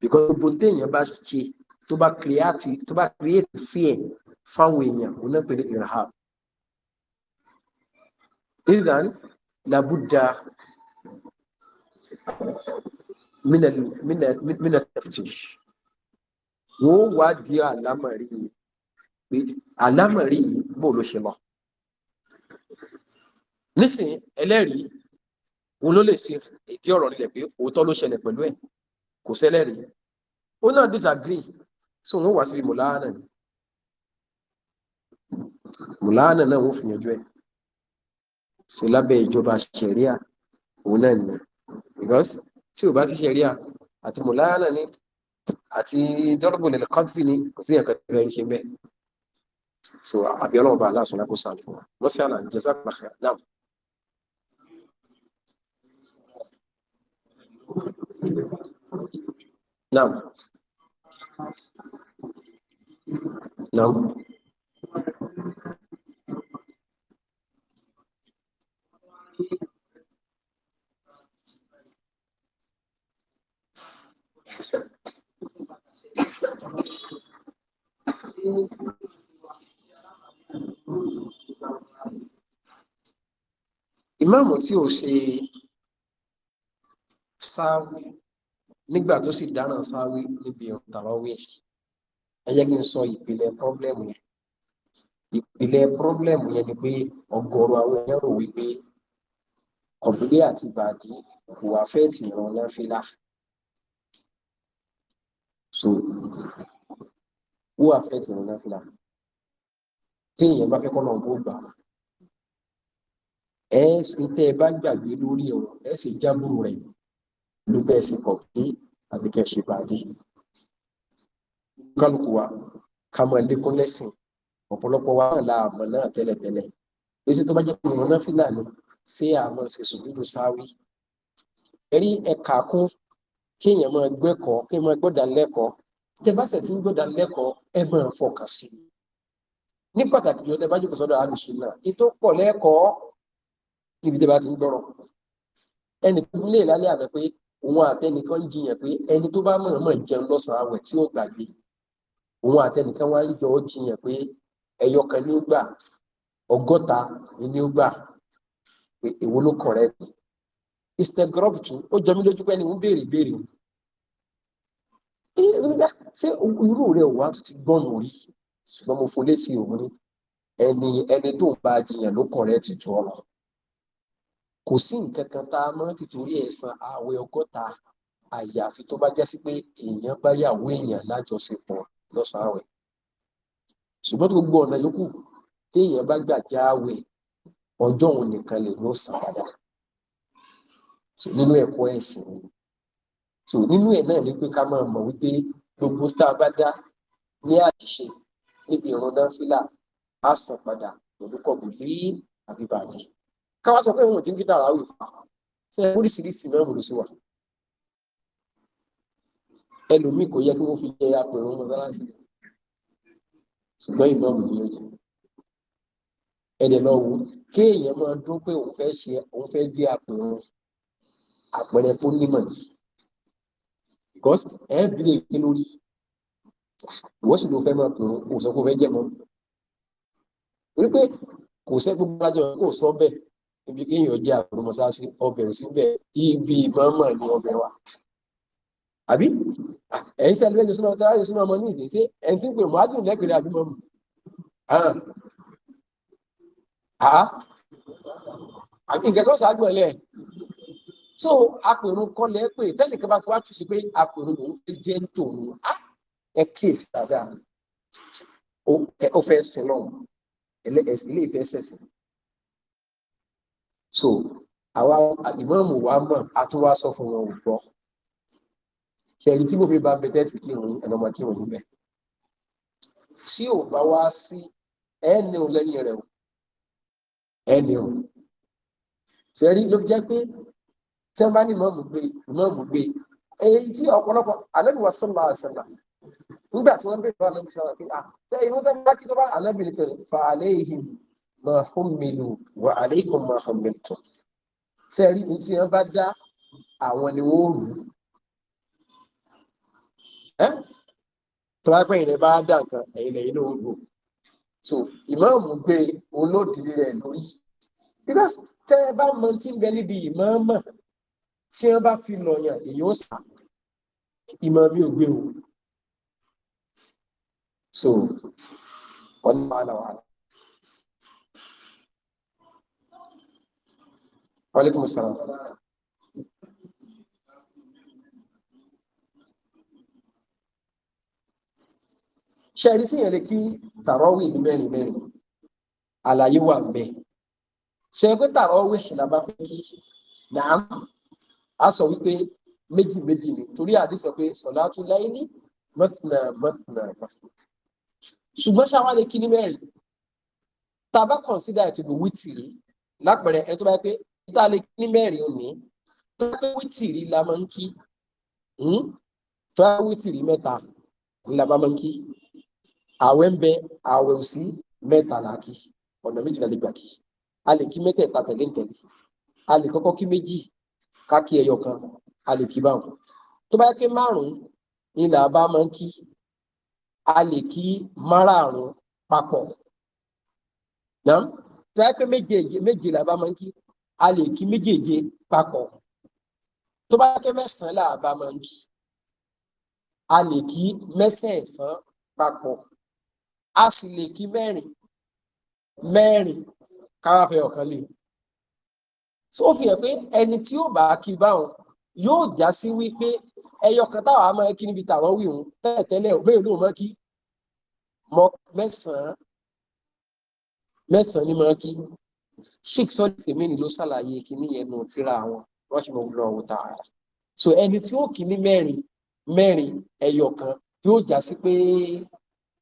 because gbogbo téèyàn bá ṣe tó bá create tó bá create fear fáwọn èèyàn òun náà pè ní ìrìhàbù. إذن لابد من wọ́n wá di àlámọ̀rí pé àlámọ̀rí bò ló ṣe lọ. nísìnyí ẹlẹ́rìí òun ló lè ṣe ìdí ọ̀rọ̀ nílẹ̀ pé òótọ́ ló ṣẹlẹ̀ pẹ̀lú ẹ̀ kò sẹ́lẹ̀rì ó náà disagree so òun ó wá síbi mùláánà ni mùláánà náà ó fi yanjú ẹ̀ sí lábẹ́ ìjọba ṣẹ̀ríà òun náà nìyẹn because tí ò bá sí ṣẹ̀ríà àti mùláánà ni àti dọ́rọ̀bù lè kọ́fì ni kò sí ẹ̀kọ́ tẹ́lẹ̀ ṣe bẹ́ẹ̀ so àbí ọlọ́run bá aláṣọ lákòóso àlùfọ́ wọ́n sì àlàyé jẹ́sà pàṣẹ náà. نعم نعم ìmáàmù tí ò ṣe sáwí nígbà tó sì dáná sáwí níbi ọ̀tàwáwí ẹ jẹ́ kí n sọ ìpìlẹ̀ pọ́blẹ́mù yẹn ìpìlẹ̀ pọ́blẹ́mù yẹn ni pé ọ̀gọ̀rọ̀ àwọn èèyàn rò wípé kọ̀bílé àti bàdí kò wá fẹ́ tì ràn láfílà so ó wà fẹ́ tì ràn láfílà téèyàn bá fẹ́ kọ́ náà bó gbà á ẹ tẹ ẹ bá gbàgbé lórí ọ̀rọ̀ ẹ sì jábùrù rẹ̀ pẹ̀lú bẹ́ẹ̀ ṣe kọ̀ kí àbí kẹ́ ṣe bàdí. kálukú wa ká máa lékún lẹ́sìn ọ̀pọ̀lọpọ̀ wa náà láàmọ̀ náà tẹ́lẹ̀tẹ́lẹ̀ èsì tó bá jẹ́ pé ìrànná fìlàní sí àmọ́ ṣe sùdúdù sáwí. ẹ̀rí ẹ̀ka kún kéèyàn máa gbẹ́kọ̀ọ́ kéèyàn máa gbọ́dà lẹ́kọ̀ọ́ tẹ bá sẹ̀ tí ń gbọ́dà lẹ́kọ̀ọ́ ẹ máa fọkàn sí i ní pàtàkì jọ tẹ́bá jùkú sọ́dọ̀ àlùsùn náà kí pọ̀ lẹ́kọ̀ọ́ níbi tẹ́bá ti ń gbọ́rọ̀ ẹnì tó lè lálẹ́ àbẹ̀ pé òun àtẹnìkan jiyàn pé ẹni tó bá mọ̀ọ́mọ̀ jẹun lọ́sàn-án àwẹ̀ tí ó gbàgbé òun àtẹnìkan wá jọ ó jiyàn pé ẹyọ kan ní ó gbà ọgọ́ta ní ó gbà pé èwo ló correct instagram tún ó jọ mí lójú pé ẹni ń béèrè ìbéèrè ṣé irú rẹ ò wá tó ti gbọ́nù rí ṣùgbọ́n mo fọlé sí òun ní ẹni ẹni tó ń bá jiyàn ló correct jù ọ lọ kò sí nǹkan kan tá a máa ti torí ẹ̀ san ààwẹ̀ ọgọ́ta àyàfi tó bá já sí pé èèyàn bá yàwó èèyàn lájọṣepọ̀ lọ́sàn-án ààwẹ̀ ṣùgbọ́n tó gbogbo ọ̀nà yòókù téèyàn bá gbà já ààwẹ̀ ọjọ́ òun nìkan lè ló san padà nínú ẹ̀kọ́ ẹ̀sìn ni so nínú ẹ̀ náà ni pé ká máa mọ̀ wípé gbogbo tá a bá dá ní àṣìṣe níbi ìrun fílà á san padà pẹ̀lú kọ̀ọ̀bù bí àbíbàdì káwá sọ pé wọn ti ń kí tààrà wù fún ẹ oríṣiríṣi mẹ́rin ló sì wà ẹlòmíì kò yẹ kí wọ́n fi jẹ apẹ̀rún mọ́sálásí ṣùgbọ́n ìmọ̀ mi ni ó jẹ ẹ̀dẹ̀ lọ wò kéèyàn máa dún pé òun fẹ́ ṣe òun fẹ́ jẹ́ apẹ̀rún àpẹẹrẹ tó nímọ̀ yìí because ẹ bí lè ké lórí ìwọ́n sì ló fẹ́ máa pè òun sọ pé ó fẹ́ jẹ́ mọ́ torí pé kò sẹ́ gbogbo alájọ kò sọ bẹ́ẹ̀ ibi kéèyàn jẹ́ àrùn mọ́sáàsì ọbẹ̀ ò ibi ìmọ̀ọ́mọ̀ ni ọbẹ̀ wa. àbí ẹ̀yin ṣe àlejò sínú ọtá ààrẹ sínú ọmọ ní ìsìn ṣé ẹ̀ ń tí ń pè mọ́ádùn lẹ́kẹ̀rẹ́ àbí mọ́mù. àbí nǹkan kan ṣàgbọ̀n lẹ̀ so apèrún kọlẹ̀ pé tẹ́nìkan bá fọwọ́ tù sí pé apèrún òun fẹ́ jẹ́ ń tòun ẹ kíyèsí dáadáa ó fẹ́ sin náà ilé ìfẹ́ sẹ̀sìn so àwa ìmáàmù wa mọ̀ a tún wá sọ fún wọn ò gbọ́ ṣẹ̀rí tí bòbí bá bẹ̀tẹ̀ sí kí òun ẹ̀rọ máa kí òun níbẹ̀ tí ò bá wá sí ẹni ò lẹ́yìn rẹ̀ o ẹni ò ṣẹ̀rí ló jẹ́ pé tí wọ́n bá ní ìmáàmù gbé ìmáàmù gbé èyí tí ọ̀pọ̀lọpọ̀ ànábì wa sọ́lá àṣàlà nígbà tí wọ́n bẹ̀rẹ̀ lọ́wọ́ ànábì sọ́lá pé ah ma humilu wa alaykum ma hummiltum ṣe rí ní tí wọ́n bá dá àwọn ni wọ́n rù ẹ́ tó bá pẹ́ ìrẹ́ bá dá nǹkan ẹ̀yìn lẹ́yìn ló ń gbò so ìmáàmù gbé olódìrí rẹ̀ lórí because tẹ́ ẹ bá mọ tí ń bẹ níbi ìmáàmù tí wọ́n bá fi lọ̀yàn èyí ó sà ìmọ̀ mi ò gbé o so wọ́n ní wàhálà wàhálà. Aleykum السلام. ṣẹ́ẹ̀rí sí ìyẹn lè kí tàrọ́wì ní mẹ́rin mẹ́rin àlàyé wà ń bẹ ṣe pé tàrọ́wì ṣìlàbá fún kí nàá a sọ wípé méjì méjì ni torí àdé sọ pé sọ̀látú láìní mọ́tìnà mọ́tìnà mọ́tìnà ṣùgbọ́n ṣáwá lè kí ní mẹ́rin tá a bá kọ̀nsídà ètò wítìrì lápẹẹrẹ ẹni tó bá yẹ pé tá a lè kí ní mẹ́rin òní tó la máa ń kí tó bá wítìrí la máa ń kí àwẹ̀ ń bẹ àwẹ̀ ò sí mẹ́ta là á kí ọ̀nà méjìlá lè gbà kí a lè kí mẹ́tẹ̀ẹ̀ta tẹ̀lé ń tẹ̀lé a lè kọ́kọ́ kí méjì ká kí ẹyọ kan a lè kí báwọn tó bá yẹ pé márùn ni là bá máa ń kí a lè kí márààrún papọ̀ náà tó yẹ pé méje méje máa ń kí a lè kí méjèèje papọ̀ tó bá kẹ́ mẹ́sàn-án làbá máa ń kí a lè kí mẹ́sẹ̀ẹ̀sán papọ̀ a sì lè kí mẹ́rin mẹ́rin káwá fẹ́ ọ̀kan lè so ó fi hàn pé ẹni tí ó bá kí báwọn yóò já sí wípé ẹyọ kan táwọn á máa kí níbi tàwọn wí òun tẹ́lẹ̀tẹ́lẹ̀ ò bẹ́ẹ̀ máa kí mọ mẹ́sàn-án mẹ́sàn-án ni máa kí sheikh sọ́ọ́lì fèmínì ló ṣàlàyé kíní ẹnu tíra àwọn rọ́ṣìmọ̀ ń ọ̀hún tààrà so ẹni tí ó kíní mẹ́rin mẹ́rin ẹyọ kan yóò já sí pé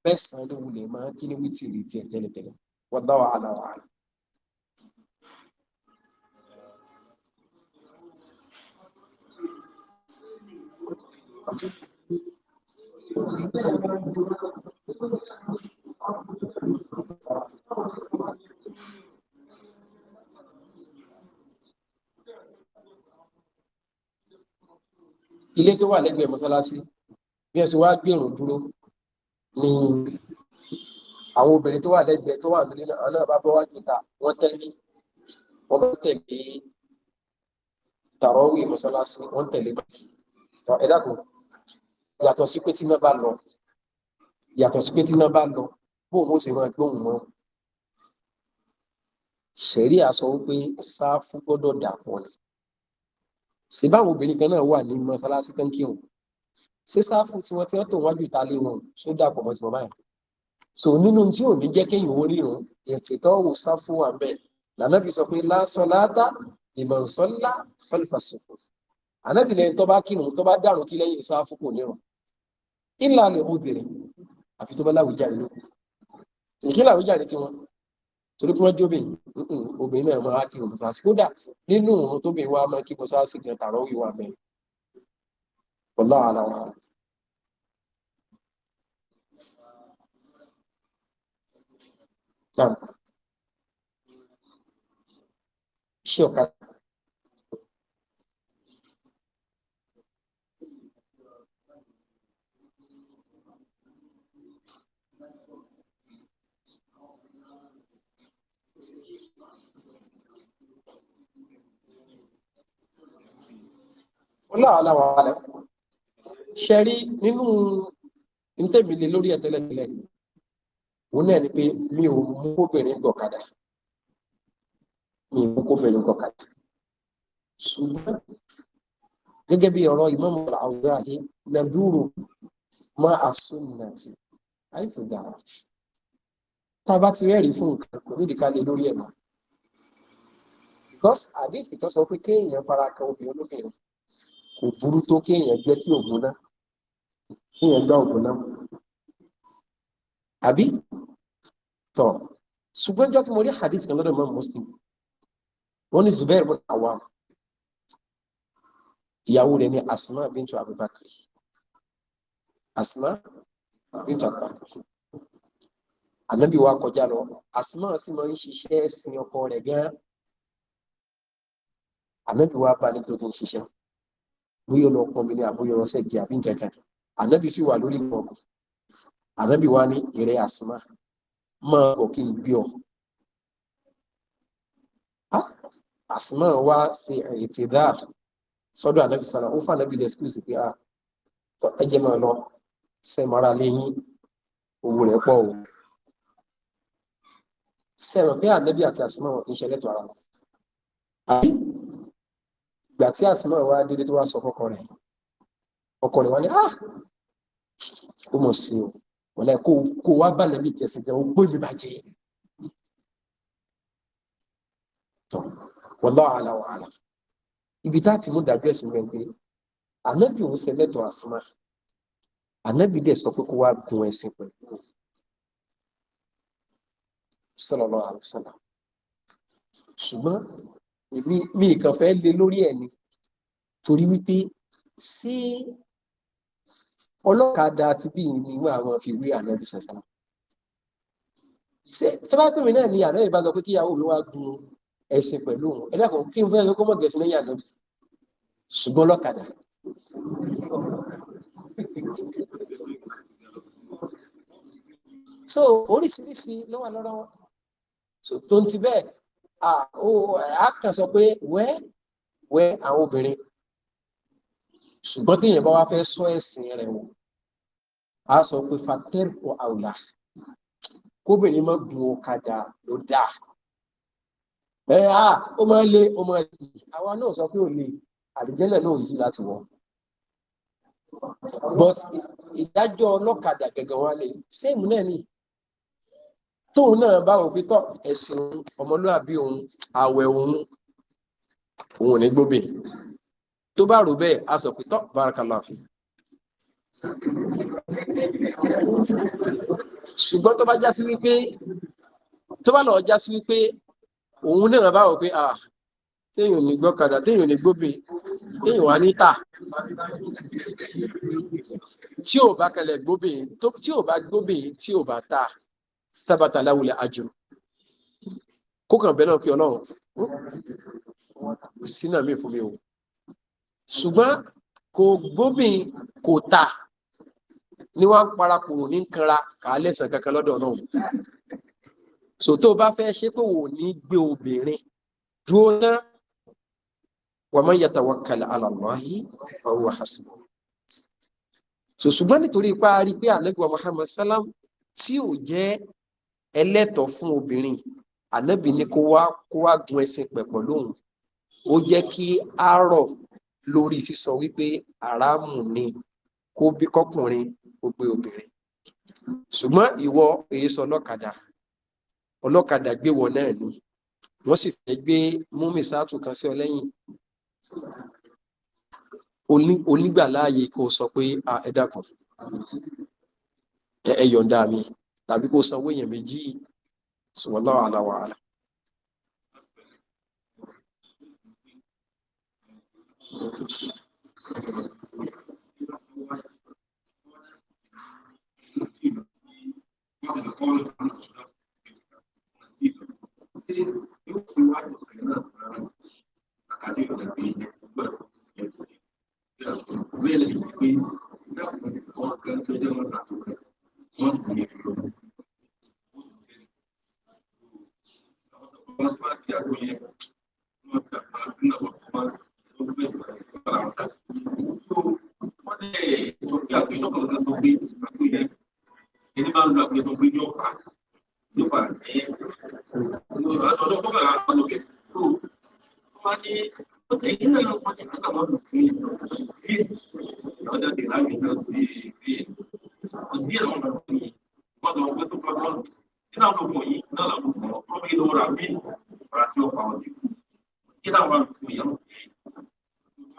mẹ́sàn-án ló wulẹ̀ máa kíní wítìrì tiẹ̀ tẹ́lẹ̀tẹ́lẹ̀ wọ́n dá wàhálà wàhálà. Thank you. ilé tó wà lẹ́gbẹ̀ẹ́ mọ́sálásí bí ẹ̀sùn wá gbèrò dúró ni àwọn obìnrin tó wà lẹ́gbẹ̀ẹ́ tó wà nílé náà náà bá bọ́ wá kíta wọ́n tẹ́lẹ̀ wọ́n bá tẹ̀lé tàrọ́wì mọ́sálásí wọ́n tẹ̀lé báyìí ẹ dàgbọ́ yàtọ̀ sí pé tí náà bá lọ yàtọ̀ sí pé tí náà bá lọ bóun ó sì máa gbóhùn mọ́ ṣẹ̀rí àsọ wípé sáfù gbọ́dọ̀ dàpọ̀ ni ṣe báwọn obìnrin kan náà wà ní mọ́ṣáláṣí tán kí wọn ṣé sáfù tí wọ́n ti ń tò wájú ìta lé wọn ṣó dàpọ̀ mọ́ tiwọn báyìí so nínú tí ò ní jẹ́ kéèyàn ó rírun ìfìtọ́ wò sáfù wà bẹ́ẹ̀ lànàbí sọ pé lásán látà ìmọ̀nsánlá fẹ́lifàṣọ̀fọ̀ ànábì lẹ́yìn tó bá kírun tó bá dàrún kí lẹ́yìn sáfù kò nírun ìlànà òdèrè àfi tó bá láwùjáde lókun kí torí pé wọ́n jóbìn obìnrin náà máa kí wọn sáà sí kódà nínú òun tóbi wa máa kí wọn sáà sí gan tààrọ wíwá bẹ́ẹ̀ ọlá ara wa. ṣé ọ̀kadà. ọláàláwà alẹ́ ṣẹ́rí nínú ntẹ̀mí lé lórí ẹ̀tẹ́lẹ̀tẹ́lẹ̀ òun náà ni pé mi ò mú obìnrin gọ̀kadà mi ò mú obìnrin gọ̀kadà ṣùgbọ́n gẹ́gẹ́ bí ọ̀rọ̀ ìmáàmù àwùjáde nàdúró má àsúnnàtì àìsàn dàrátì tá a bá ti rẹ́rìí fún nǹkan kò nídìí ká lé lórí ẹ̀ mọ́ because àdéhìí tó sọ pé kéèyàn fara kan obìnrin olóbìnrin kò burú tó kéèyàn jẹ́ kí ògùn náà kéèyàn gbá ògùn náà àbí tọ̀ ṣùgbọ́n jọ́ kí mo rí hadith kan lọ́dọ̀ mọ́ Muslim wọ́n ní Zubair bin Awam ìyàwó rẹ̀ ní Asma bintu Abubakar Asma bintu Abubakar Ànábì wa kọjá lọ Asma sì máa ń ṣiṣẹ́ ẹ̀sìn ọkọ rẹ̀ gan-an bá ní ń ṣiṣẹ́ bóyá lọ pọnmi ní àbóyá lọ sẹ́gi àbí nkankan ànábì sì wà lórí ìgbọ̀ngàn ànábì wa ní ìrẹ́ àsìmá máa bọ̀ kí n gbé ọ. àsìmá ah, wa ṣe ètè dáa sọ́dọ̀ ànábì sálà ó fún ànábì lẹ́sìkúùsì pé ah, ẹ jẹ́ máa lọ sẹ́mọ́ra lẹ́yìn owó rẹ̀ pọ̀ o. sẹ́rọ̀ pé ànábì àti àsìmá wọn kì í ṣe ẹlẹ́tọ̀ ara wọn ìgbà tí àsìmọ ìwà dídí tó wá sọ fọkọ rẹ̀ ọkọ rẹ̀ wá ní ah ó mọ̀ sí o wọlé kó kó wá bá nàbí ìjẹsìn jẹ ogbó mi bàjẹ́ tọ wọlé àlà wàhálà ibi tá a ti mú dájú ẹ̀sìn rẹ̀ pé ànábì òun ṣe lẹ́tọ̀ọ́ àsìmọ ànábì dẹ̀ sọ pé kó wá gun ẹ̀sìn pẹ̀lú sallallahu alaihi wasallam ṣùgbọ́n èmi mi kàn fẹ́ lé lórí ẹ̀ ni torí wípé sí ọlọ́kadà àti bí nínú àwọn fi wé ànábì sàṣàlá tí wọ́n bá pè mí náà ni ànábì bá sọ pé kíyàwó mi wá gun ẹ̀sìn pẹ̀lú òun ẹlẹ́kọ̀ọ́ kí n fẹ́ kó mọ̀ gẹ̀ẹ́sì lẹ́yìn ànábì ṣùgbọ́n ọlọ́kadà so oríṣiríṣi ló wà lọ́rọ̀ wọn tó ń ti bẹ́ẹ̀ a kàn sọ pé wẹ́ wẹ́ àwọn obìnrin ṣùgbọ́n téèyàn bá wá fẹ́ sọ ẹ̀sìn rẹ̀ wò a sọ pé fatẹ́rù àwùlà kóbìnrin má gun ọ̀kadà ló dáa ẹ á ó máa lé ó máa lè àwa náà sọ pé ò lè àdìjẹ́lẹ̀ náà yìí sí láti wọ̀ but ìdájọ́ ọlọ́kadà gẹ̀gẹ̀ wọn lè sẹ́ẹ̀mù náà ni tóun náà bá òun fi tọ́ ẹ̀sìn òun ọmọlúàbí òun àwẹ̀ òun òun ní gbóbìn tó bá rò bẹ́ẹ̀ a sọ pé tọ́ barakallahu fi ṣùgbọ́n tó bá já sí wípé tó bá lọ já sí wípé òun náà bá wò pé à téèyàn ní gbọ́kadà téèyàn ní gbóbìn téèyàn wá níta tí ò bá kẹlẹ̀ gbóbìn tí ò bá gbóbìn tí ò bá ta sábàtà láwùlẹ̀ àjò kókàn bẹ́ẹ̀ náà kí ọlọ́run sínà mi fún mi o ṣùgbọ́n kò gbóbìn kò ta ni wọ́n parapọ̀ ní kanra kà á kankan lọ́dọ̀ náà so tó bá fẹ́ ṣe pé wò ní gbé obìnrin dúró tán wà máa yàtà wà kalẹ̀ alàlọ́hí ọwọ́ àṣìbò so ṣùgbọ́n nítorí ipá rí pé àlẹ́gbẹ̀wà Muhammad salam tí ò jẹ́ ẹlẹ́tọ̀ fún obìnrin ànábì ní kó wá kó wá gun ẹṣin pẹ̀ pẹ̀lú òun ó jẹ́ kí á rọ̀ lórí sísọ wípé àràmù ni kó bí kọkùnrin kó gbé obìnrin ṣùgbọ́n ìwọ èyí sọ ọlọ́kadà ọlọ́kadà gbé wọ náà ni wọ́n sì fẹ́ gbé múmi sáàtù kan sí ọ lẹ́yìn onígbàláàyè kó sọ pé ẹ dákun ẹ yọ̀ǹda mi tàbí kó sanwó èèyàn méjì wallahu ala wa ala wọ́n ti lè fi lọ́wọ́. wọ́n ti máa ṣe àgbo yẹn wọ́n ti àgbà sí àwọn ọmọ tó gbé sára ọ̀tá. wọ́n lè sọ pé àgbo yẹn lọ́kàn lọ́kàn sọ pé àti yẹn ẹni máa ń lo àgbo yẹn tó gbé ní ọ̀pá ní ọ̀pá ẹ̀yẹ. ọ̀dọ́ fọ́nbà àwọn ọ̀gbẹ́ tó wọ́n ní ẹ̀yìn náà wọ́n ti àgbà wọn lò fún yẹn. ọ̀dọ́ ti láàbì náà sí ilé kò díẹ̀ lọ́wọ́ lọ́wọ́ yìí wọ́n ti wọ́n pé tó kọ́ lọ́wọ́ nínú àwọn òfin yìí náà làwọn òfin wọn wọ́n fi lówó ra mí ọ̀rá tí ó pa wọn jù kí láwọn òfin yẹn wọ́n fi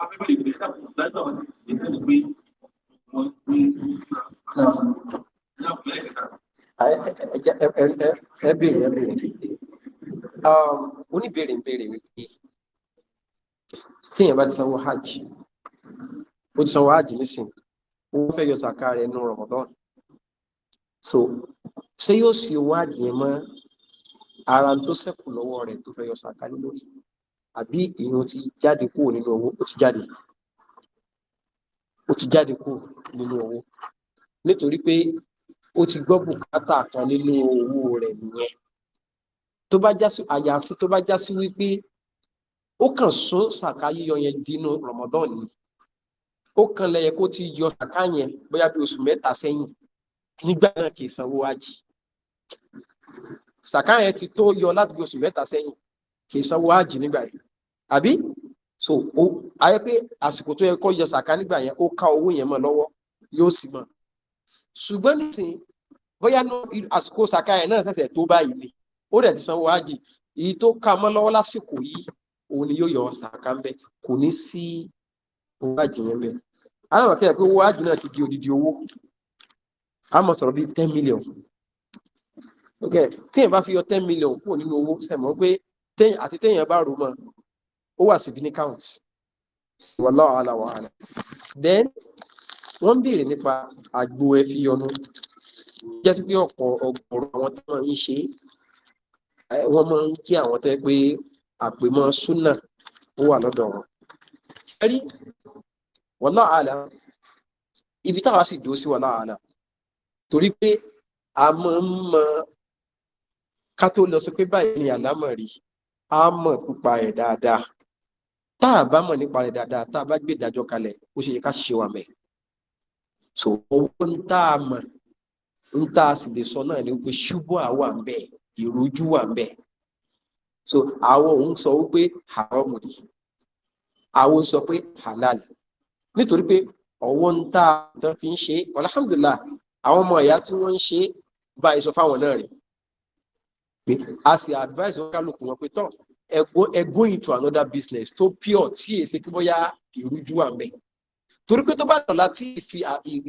afẹ́fẹ́ ìgbẹ́ dájọ́ àwọn ti sì lé pé wọ́n gbé ẹ bèrè ẹ bèrè oníbèrè ń bèrè wípé tíyẹn bá ti sanwó hajj ó ti sanwó hajj nísìnyí wọ́n fẹ́ yọ sàká rẹ̀ nù Ramadan so ṣé yóò ṣe wádìí ẹ mọ́ ara tó ṣẹ́kù lọ́wọ́ rẹ̀ tó fẹ́ yọ sàká ní lórí àbí èèyàn ti jáde kúrò nínú owó ó ti jáde ó ti jáde kúrò nínú owó nítorí pé ó ti gbọ́ bùkátà kan nínú owó rẹ̀ nìyẹn tó bá já sí àyàfi tó bá já sí wípé ó kàn sún sàká yíyọ yẹn dínú Ramadan yìí ó kan lẹ́yẹ kó ti yọ sàká yẹn bóyá bí oṣù mẹ́ta sẹ́yìn nígbà náà kì í sanwó ájì sàká yẹn ti tó yọ láti bí oṣù mẹ́ta sẹ́yìn kì í sanwó ájì nígbà yẹn àbí so o ayé pé àsìkò tó yẹ kó yọ sàká nígbà yẹn ó ká owó yẹn mọ́ lọ́wọ́ yóò sì mọ́ ṣùgbọ́n nísìnyí bóyá àsìkò sàká yẹn náà ṣẹ̀ṣẹ̀ tó báyìí ni ó dẹ̀ ti sanwó ájì èyí tó ká mọ́ lọ́wọ́ lásìkò yìí òun ni yóò yọ sàká owó àjì yẹn bẹ́ẹ̀ aláwọ̀ kẹ́yà pé owó náà ti di odidi owó a mọ̀ sọ̀rọ̀ bíi ten million ok téèyàn bá fi yọ ten million kúrò nínú owó sẹ̀mọ́ pé àti téèyàn bá rò mọ́ ó wà síbi ní count wallahu ala wa then wọ́n béèrè nípa àgbo ẹ̀fí yọnu jẹ́ sí pé ọ̀pọ̀ ọ̀gọ̀rọ̀ àwọn tó máa ń ṣe wọ́n máa ń kí àwọn tẹ́ pé àpèmọ́ súnà ó wà lọ́dọ̀ wọn. ẹ̀rí wallahu alam ibi táwa sì dó sí wallahu alam torí pé a mọ̀ ń mọ ká tó lọ sọ pé báyìí ni àlámọ̀ rí a mọ̀ pípa rẹ̀ dáadáa tá bá mọ̀ nípa rẹ̀ dáadáa tá bá gbé ìdájọ́ kalẹ̀ ó ṣe yẹ ká ṣe wà mẹ́ so owó ń tá a mọ̀ ń tá a sì lè sọ náà ni wípé ṣubú àwa ń bẹ wà ń so àwọn òun sọ wípé haram ni àwọn sọ pé halal nítorí pé ọwọ́ ń tà tán fi ń ṣe é alhamdulillah àwọn ọmọ ìyá tí wọ́n ń ṣe é bá ìsọ fáwọn náà rẹ̀ pé a sì advice wọn kálukú wọn pé tán ẹ go into another business tó pure tí èsì kí bóyá ìrújú wà mẹ́ torí pé tó bá lọ láti fi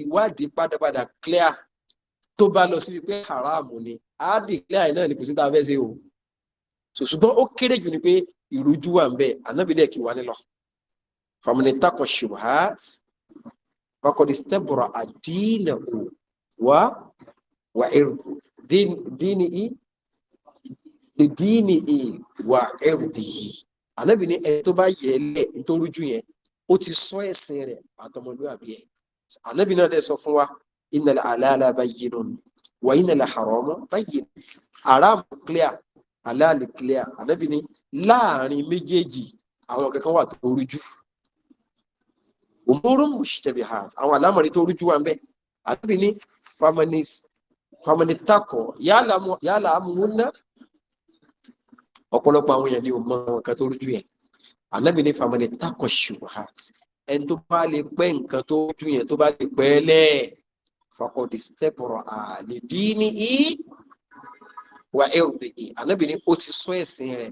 ìwádìí padàpadà clear tó bá lọ síbi pé haram ni a declare náà ni kò sí tá a fẹ́ ṣe o ṣùgbọ́n ó kéré jù ni pé ìrújú wà mẹ́ ànábìdẹ̀ kì wá nílọ famani takọ ṣubhat fakọdi stẹbọrọ àdínàkù wa wa irdu dini i dini i wa irdi yìí ànábì ní ẹni tó bá yẹ lẹ nítorí ojú yẹn ó ti sọ ẹ̀sìn rẹ̀ àtọmọlúwàbí ẹ ànábì náà dẹ sọ fún wa innal alala bayyinun wa innal harama bayyin haram clear halal clear ànábì ní láàrin méjèèjì àwọn kankan wà tó rújú òmóró mùsítẹ̀bì ha àwọn àlámọ̀rí tó rújú wa ń bẹ́ àbí ní famanitakọ̀ yálà amúhúnná ọ̀pọ̀lọpọ̀ àwọn èèyàn ni ò mọ nǹkan tó rújú yẹn ànábì ní famanitakọ̀ ṣùgbọ́n ẹni tó bá lè pẹ́ nǹkan tó rújú yẹn tó bá lè pẹ́ lẹ́ẹ̀ fakọ̀dì stẹ́pọ̀rọ̀ àlè dí ní í wà ẹ̀rù dèjì ànábì ní ó ti sọ ẹ̀sìn rẹ̀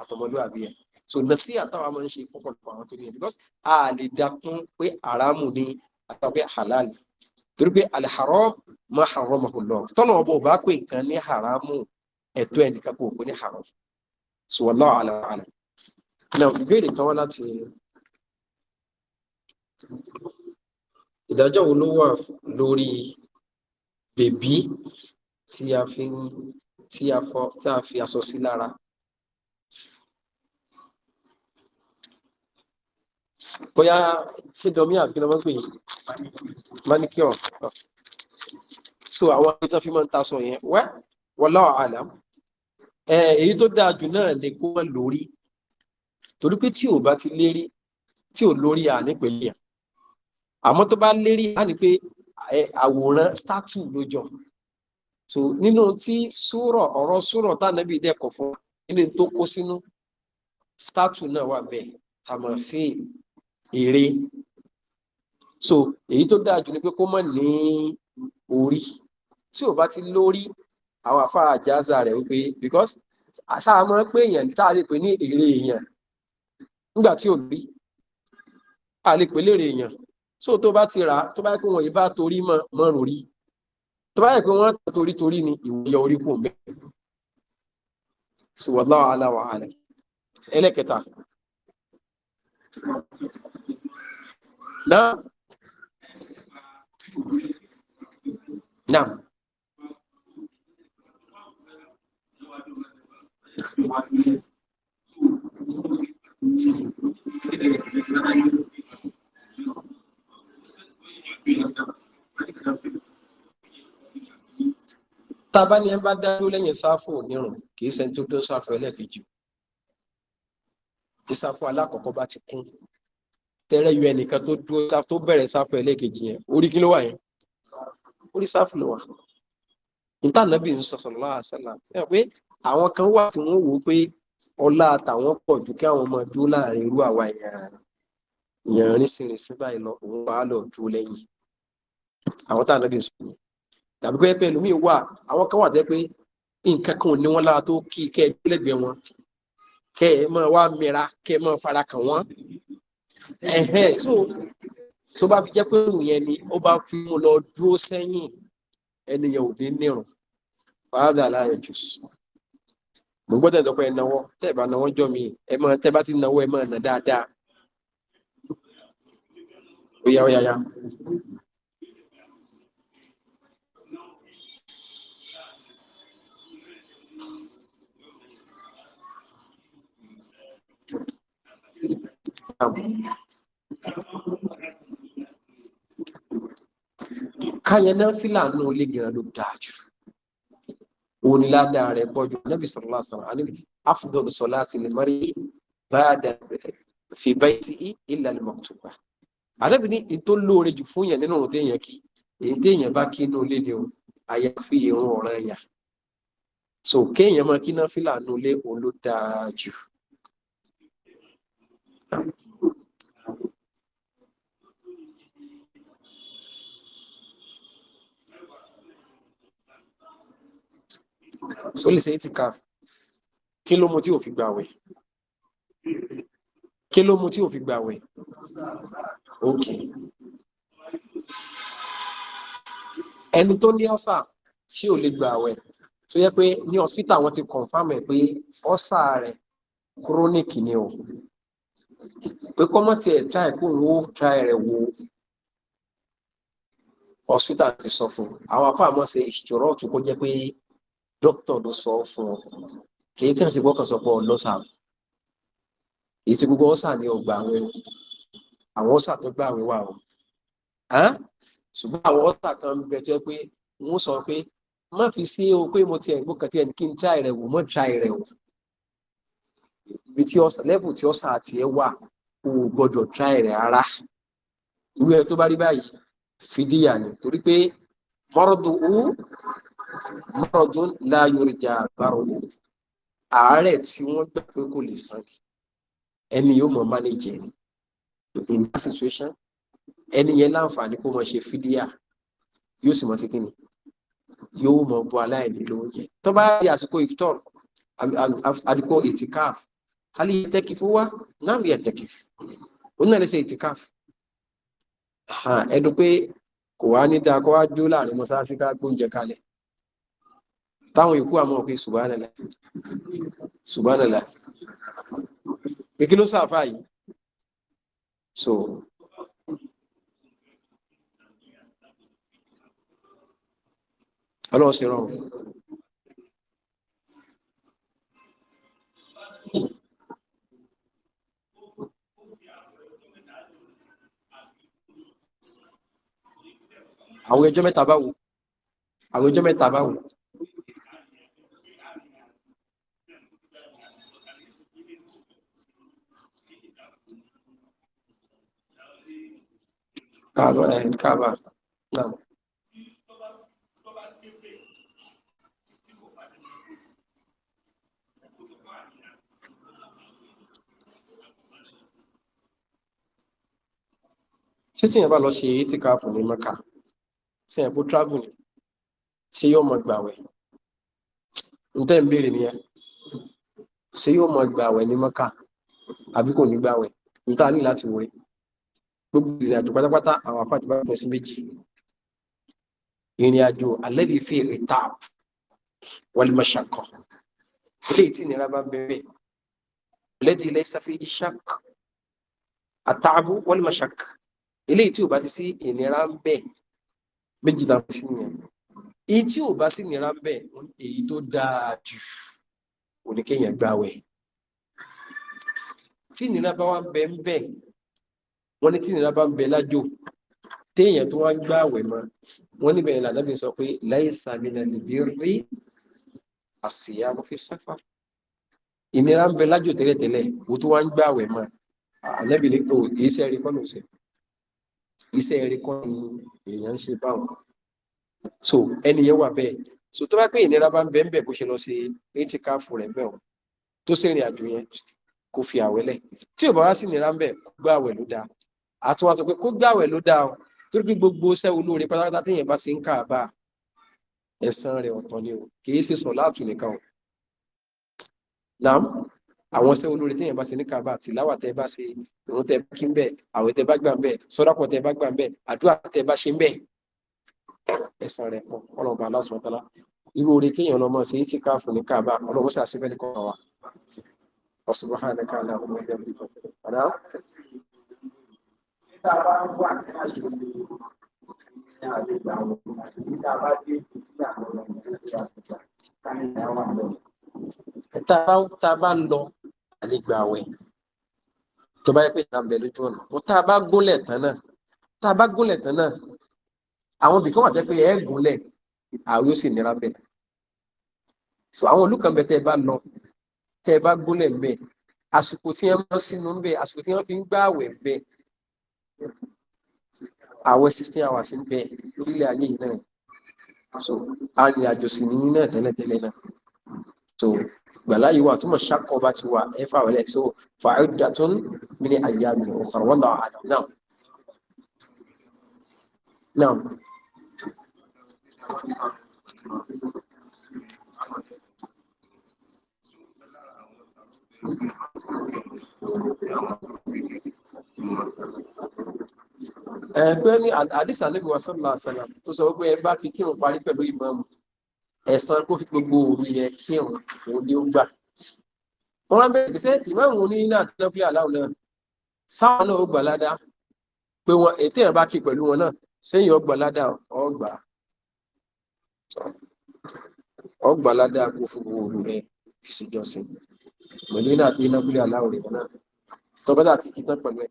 àtọmọlúwàbí yẹn so nasiha táwọn máa ń ṣe fọ́pọ̀lọpọ̀ àwọn tó ní ẹ̀ because a lè dakun pé haramu ni àtàwé halal torí pé alharam ma haramahu Allah tọ́nà ọba ò bá pè nǹkan ní haramu ẹ̀tọ́ ẹnìkan kò fún ní haram so wallahu ala ala now ìbéèrè kan wá láti ìdájọ́ wo ló wà lórí bèbí tí a fi aṣọ sí lára bóyá ṣé dọmí àbí lọmọ pé manicure so àwọn ẹni tó fi máa ń ta yẹn wẹ wallahu alam èyí tó dáa jù náà lè kó wọn lórí torí pé tí ò bá ti lérí tí ò lórí à àmọ́ tó bá lérí à pé àwòrán statue ló jọ so nínú tí sùrọ̀ ọ̀rọ̀ sùrọ̀ tánàbí dẹ́kọ̀ fún nínú tó kó sínú statue náà wà bẹ́ẹ̀ tàmọ̀fẹ́ eré so èyí tó dáa jù ni pé kó mọ̀ ní orí tí ò bá ti lórí àwọn afárá àjáza rẹ̀ wípé because àṣà máa ń pè èèyàn tá a lè pè ní èrè èèyàn nígbà tí ò rí a lè pè lérè èèyàn so tó bá ti rà á tó bá yẹ pé wọn yìí bá torí mọ rori tó bá yẹ pé wọn tà torí torí ni ìwé yọ orí kù mẹ sí wallahu ala wa ala ẹlẹ́kẹta Naam. Naam. Tabali ẹ bá dá lórí lẹ́yìn sáfù onírun kì í ṣe tó tó sáfù ẹlẹ́ẹ̀kejì tí sáfù alákọ̀ọ́kọ́ bá ti kún tẹ́rẹ́ yọ ẹnìkan tó dúró tó bẹ̀rẹ̀ sáfù ẹlẹ́ẹ̀kejì yẹn orí kí ló wà yẹn orí sáfù ló wà níta nàbì ń sọ̀sọ̀ lọ́wọ́ àṣàlà ẹ̀ pé àwọn kan wà tí wọ́n wò ó pé ọlá àtàwọn pọ̀ ju kí àwọn ọmọ dúró láàrin irú àwa èèyàn èèyàn nísìnyìí báyìí lọ òun wàá lọ dúró lẹ́yìn àwọn tá nàbì ń sọ tàbí pé pẹ̀lú mi wà àwọn kan wà tẹ́ pé nǹkan kan ò ní wọn lára tó kí kẹ́ ẹ kẹ ẹ máa wá mìíràn kẹ ẹ máa fara kàn wọn ẹhẹn so tó bá fi jẹ́ pé òun yẹn ni ó bá fi mú lọ dúró sẹ́yìn ẹnìyẹn ò ní nírun fàádà láàyè jù mo gbọ́dọ̀ sọ pé ẹ náwó tẹ́ ẹ bá náwó jọ mi ẹ máa tẹ́ bá ti náwó ẹ máa ná dáadáa ó yá ó yá yá. káyẹn náà fílà náà lè gẹ̀rẹ́ ló dáa jù òní ládàá rẹ̀ pọ̀ jù anábì sọ̀rọ̀ lásán anábì afdọ́lù sọ láti lè mọ́rí bá dà fi bá ti ìlà lè mọ̀tòkà anábì ní ètò lóore jù fún yẹn nínú òun téèyàn kí èyí téèyàn bá kí inú ilé ni o àyàfi ìrún ọ̀ràn yà so kéèyàn máa kí náà fílà lé òun jù ó lè ṣe itikaf kí ló mú tí ò fi gbàwẹ̀ kí ló mú tí ò fi gbàwẹ̀ ok ẹni tó ní ọ́sà ṣé o lè gbàwẹ̀ tó yẹ pé ní hospital wọn ti confam ẹ̀ pé ọ́sà rẹ̀ chronic ni o. pé kọ́mọ́ tiẹ̀ try kó òun ó try rẹ̀ wo hospital ti sọ fún àwọn afáàmọ́ ṣe ìṣòro ọ̀tún kó jẹ pé dókítà ló sọ fún ọ kìí kàn sí gbọ́kàn sọ pé ọ ṣe gbogbo ọsà ni ọgbà àwọn ẹrù àwọn tó gbà wíwà o àwọn kan bẹ pé sọ pé fi sí o pé mo kí n ibi tí ọsàn level tí ọsàn àti ẹ wà o gbọ́dọ̀ try rẹ̀ rárá irú ẹ tó bá rí báyìí fìdíyà ni torí pé mọ́rọ̀dù ó mọ́rọ̀dù la yurja bárọ̀dù àárẹ̀ tí wọ́n gbà pé kò lè san ẹni yóò mọ̀ mánéjì ẹni in that situation ẹni yẹn láǹfààní kó mọ̀ ṣe fìdíyà yóò sì mọ̀ sí kíni yóò mọ̀ bọ́ aláìní lóúnjẹ tó bá rí àsìkò iftar àdìkò ìtìkáàfù hal yatakifu wa lam yatakifu òun náà lè ṣe ìtìkáf ẹdùn pé kò wá ní dáa kó wá jó láàrin mọ́sáàsì ká gbóúnjẹ kalẹ̀ táwọn ìkú àmọ́ pé subhanallah subhanallah pé kí àwọn ẹjọ́ mẹ́ta báwo àwọn ẹjọ́ mẹ́ta báwo Kaaba ẹ̀ Kaaba náà. Ṣé tí èèyàn bá lọ ṣe èyí tí káàfù ní Mẹ́ka? ṣe ẹ̀kú travel ṣé yóò mọ gbàwẹ̀ ntẹ́ ń béèrè nìyẹn ṣé yóò mọ gbàwẹ̀ ní mọ́kà àbí kò ní gbàwẹ̀ nta ní láti wòye gbogbo ìrìn àjò pátápátá àwọn apá àtibá pín sí méjì ìrìn àjò alẹ́bí fi rìtáàp wọlé mọ́ṣàkọ́ eléyìí tí ìnira bá bẹ̀rẹ̀ lẹ́dí ilẹ̀ ìsáfẹ́ ìṣàk àtààbù wọlé mọ́ṣàk eléyìí tí ò bá ti sí ìnira ń méjì tá a fi yẹn èyí tí ò bá sì nira bẹ èyí tó dáa jù ò ní kéèyàn gbààwẹ̀ tí nira bá wà bẹ ń bẹ wọn ní tí nira bá ń bẹ lájò téèyàn tó wá gbààwẹ̀ mọ́ wọn níbẹ̀ yẹn làdábì sọ pé laysa mina al-birri as-siyamu fi safar ìnira ń bẹ lájò tẹ́lẹ̀tẹ́lẹ̀ wò tó wá ń gbààwẹ̀ mọ́ àlẹ́bìlẹ́ pé kì kọ́nà òsèlú iṣẹ́ rẹ̀ kọ́ ni èèyàn ń ṣe báwọn so ẹni yẹn wà bẹ́ẹ̀ so tó bá pé ìnira bá ń bẹ ń bẹ bó ṣe lọ ṣe etíkáfù rẹ̀ bẹ́ẹ̀ o tó sẹ́rìn àjò yẹn kò fi àwẹ̀ lẹ̀ tí ò bá wá sí ìnira ń bẹ kó gbá àwẹ̀ ló dáa àtúwà sọ pé kó gbá àwẹ̀ ló dáa o torí pé gbogbo iṣẹ́ olóore pátápátá téèyàn bá ṣe ń kà bá ẹ̀san rẹ̀ ọ̀tọ̀ ni o kì í ṣe sọ̀ láàtù nìkan o àwọn sẹ́ olórí téèyàn bá ṣe ní kaaba tìláwà tẹ́ bá ṣe ìrun tẹ́ bá kí ń bẹ̀ àwẹ̀ tẹ́ bá gbà ń bẹ̀ sọ́dákọ̀ tẹ́ bá gbà ń bẹ̀ àdúrà tẹ́ bá ṣe ń bẹ̀ ẹ̀san rẹ̀ pọ̀ ọlọ́ọ̀bà aláṣọ ọ̀tọ́lá irú orí kéèyàn lọ mọ́ sí tí káàfù ní kaaba ọlọ́wọ́ sàṣẹ bẹ́ẹ̀ kọ́ wa ọ̀ṣùgbọ́n ha ní káàlà ọmọ ẹgbẹ́ mi ọ̀dà tá a bá ń lọ àlegbà àwẹ̀ tó bá yẹ pé ìlànà bẹ̀rẹ̀ lójú ọ̀nà tá a bá gúnlẹ̀ tán náà tá a bá gúnlẹ̀ tán náà àwọn ibì kan wà tẹ́ pé ẹ̀ gúnlẹ̀ àwọn yóò sì nira bẹ̀ so àwọn olú kan bẹ tẹ́ ẹ bá lọ tẹ́ ẹ bá gúnlẹ̀ bẹ̀ àsìkò tí ẹ mọ́ sínú bẹ̀ àsìkò tí wọ́n fi ń gbá àwẹ̀ bẹ̀ àwẹ̀ sixteen hours ń bẹ lórílẹ̀ ayé yìí náà so arìnrìn àjò sì ní yín náà tẹ́lẹ̀tẹ́lẹ̀ náà so gbàláyé wa túmọ̀ ṣàkọ bá ti wà ẹ fà wọlé so fa'iddatun min ayyamin ukhar wallahu a'lam náà. náà. ẹ pé ní àdìsá níbi wàsán làásàlà tó sọ pé ẹ bá kí kírun parí pẹ̀lú ìmáàmù ẹ̀sán kó fi gbogbo òru yẹ kí òun òun ni ó gbà. wọ́n wá bẹ̀rẹ̀ pé ṣé ìmáàmù òun ní iná àtúntò pé aláwọ̀ náà sáwọn náà ó gbà ládàá pé wọn ètò ẹ̀ bá kí pẹ̀lú wọn náà sẹ́yìn ọgbà ládàá ọgbà ọgbà ládàá kó fún gbogbo òru rẹ fi ṣèjọsìn pẹ̀lú iná àti pé aláwọ̀ náà tọ́gbẹ́dà ti kí tán pẹ̀lú ẹ̀.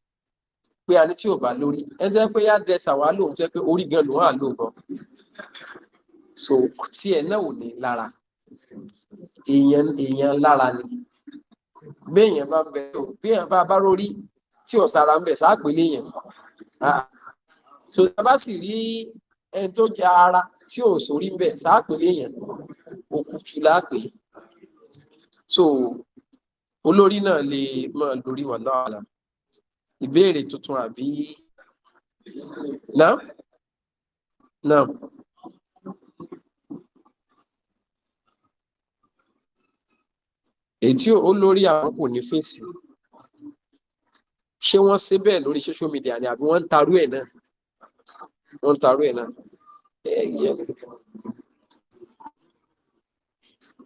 pé a ní tí ò bá lórí ẹni tó yẹ pé yá dẹsà wà lóhun tó pé orí gan lòun à lóhun gan so tiẹ̀ náà ò ní lára èèyàn èèyàn lára ni béèyàn bá bẹ o béèyàn bá bá rórí tí ò sára ń bẹ sáàpélé yẹn ah. so tá a bá sì rí ẹni tó jẹ ara tí ò sórí ń bẹ sáàpélé yẹn òkú jù láàpè so olórí náà lè máa lórí wà náà ìbéèrè tuntun àbí náà náà. èyí tí ó lórí àwọn kò ní fèsì ṣé wọ́n ṣe bẹ́ẹ̀ lórí social media ni àbí wọ́n ń tarú ẹ̀ náà wọ́n ń tarú ẹ̀ náà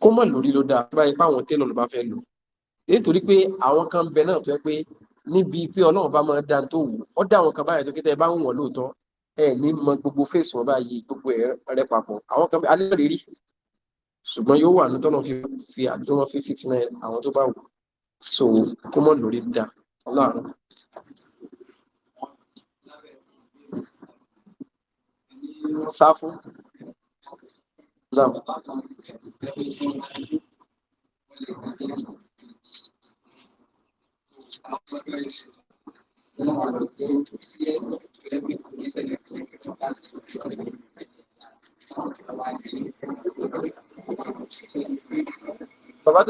kó mọ̀ lórí ló dáa tó bá yẹ pé àwọn télọ̀ ló bá fẹ́ lò nítorí pé àwọn kan ń bẹ náà tó yẹ pé níbi pé ọlọ́run bá máa dá tó wù ọ́ dá àwọn kan báyìí tó kí tẹ́ ẹ bá ń wọ̀n lóòótọ́ ẹ ní mọ gbogbo fèsì wọn báyìí gbogbo ẹ rẹ papọ̀ àwọn kan alẹ́ rí rí ṣùgbọ́n yóò wà nítorí wọn fi àdúrà wọn fi fìtínà àwọn tó bá wù so kó mọ̀ lórí dá ọlọ́run. sáfù náà bàbá tó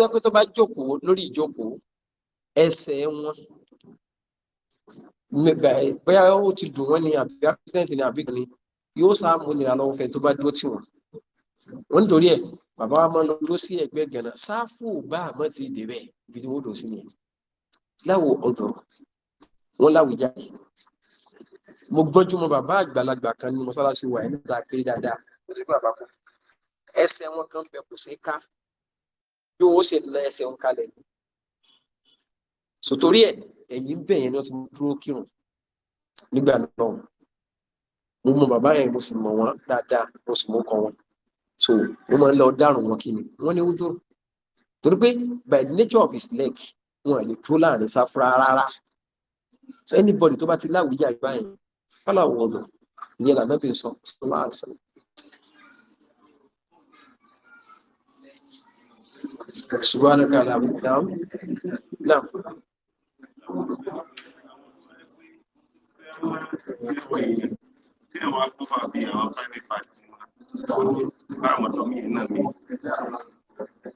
yẹ pé tó bá jókòó lórí ìjókòó ẹsẹ̀ wọn bóyá ó ti dùn wọ́n ni àbí accident ni àbí kan ni yóò sáà mú nira lọ́wọ́ fẹ́ tó bá dúró tì wọ́n wọ́n nítorí ẹ̀ bàbá wa máa ń lọ dúró sí ẹ̀gbẹ́ gànà sáfù bá àmọ́ ti dè ibi tí wọ́n dò sí nìyẹn láwo ọ̀dọ̀rọ̀ wọn láwùjá yìí mo gbọ́njú mọ bàbá àgbàlagbà kan ní mọ́sálásí wa ẹni tá a kéré dáadáa ó sì gbà bàbá ẹsẹ̀ wọn kan bẹ kò sí ká bí wọn ó sì na ẹsẹ̀ wọn kalẹ̀ ni sòtórí ẹ ẹ̀yìn bẹ́ẹ̀ yẹn ni wọ́n ti dúró kírun nígbà náà mo mọ bàbá yẹn mo sì mọ wọn dáadáa mo sì mọ kọ wọn so mo máa ń lọ dárùn wọn kí ni wọn ní wúdúró torí pé by the nature of his leg wọn lè láàrin sáfúrá rárá so anybody tó bá ti láwùjá ìgbà yẹn fọlá wọdọ ìyẹn lànà bí sọ tó máa sọ. سبحانك اللهم نعم نعم Thank you.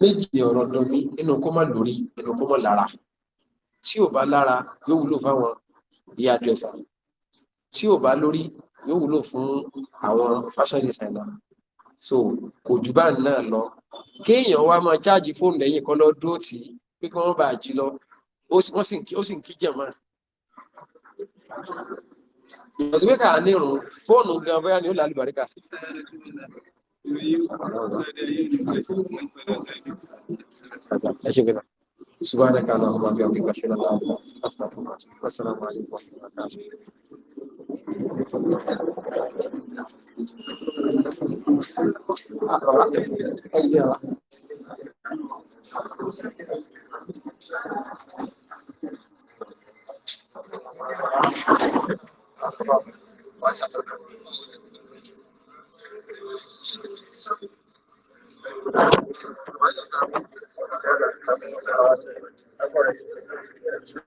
méjì ọ̀rọ̀ dọ̀mí inú kó má lórí inú kó má lára tí ò bá lára yóò wúlò fáwọn ìyá dẹ́sà tí ò bá lórí yóò wúlò fún àwọn fashion designer so kò jù bá náà lọ kéèyàn wá máa cháàjì fóònù lẹ́yìn kan lọ dúró tì í pé kí wọ́n bá jí lọ ó sì ń kí jẹ̀mọ́ ìyàtọ̀ pé kà á nírun fóònù gan bóyá ni ó lálùbáríkà أجل سبحانك اللهم وبحمدك أشهد أن لا إله إلا أنت أستغفرك وأتوب والسلام عليكم ورحمة الله وبركاته. Vai se atrapalhar. Agora sim.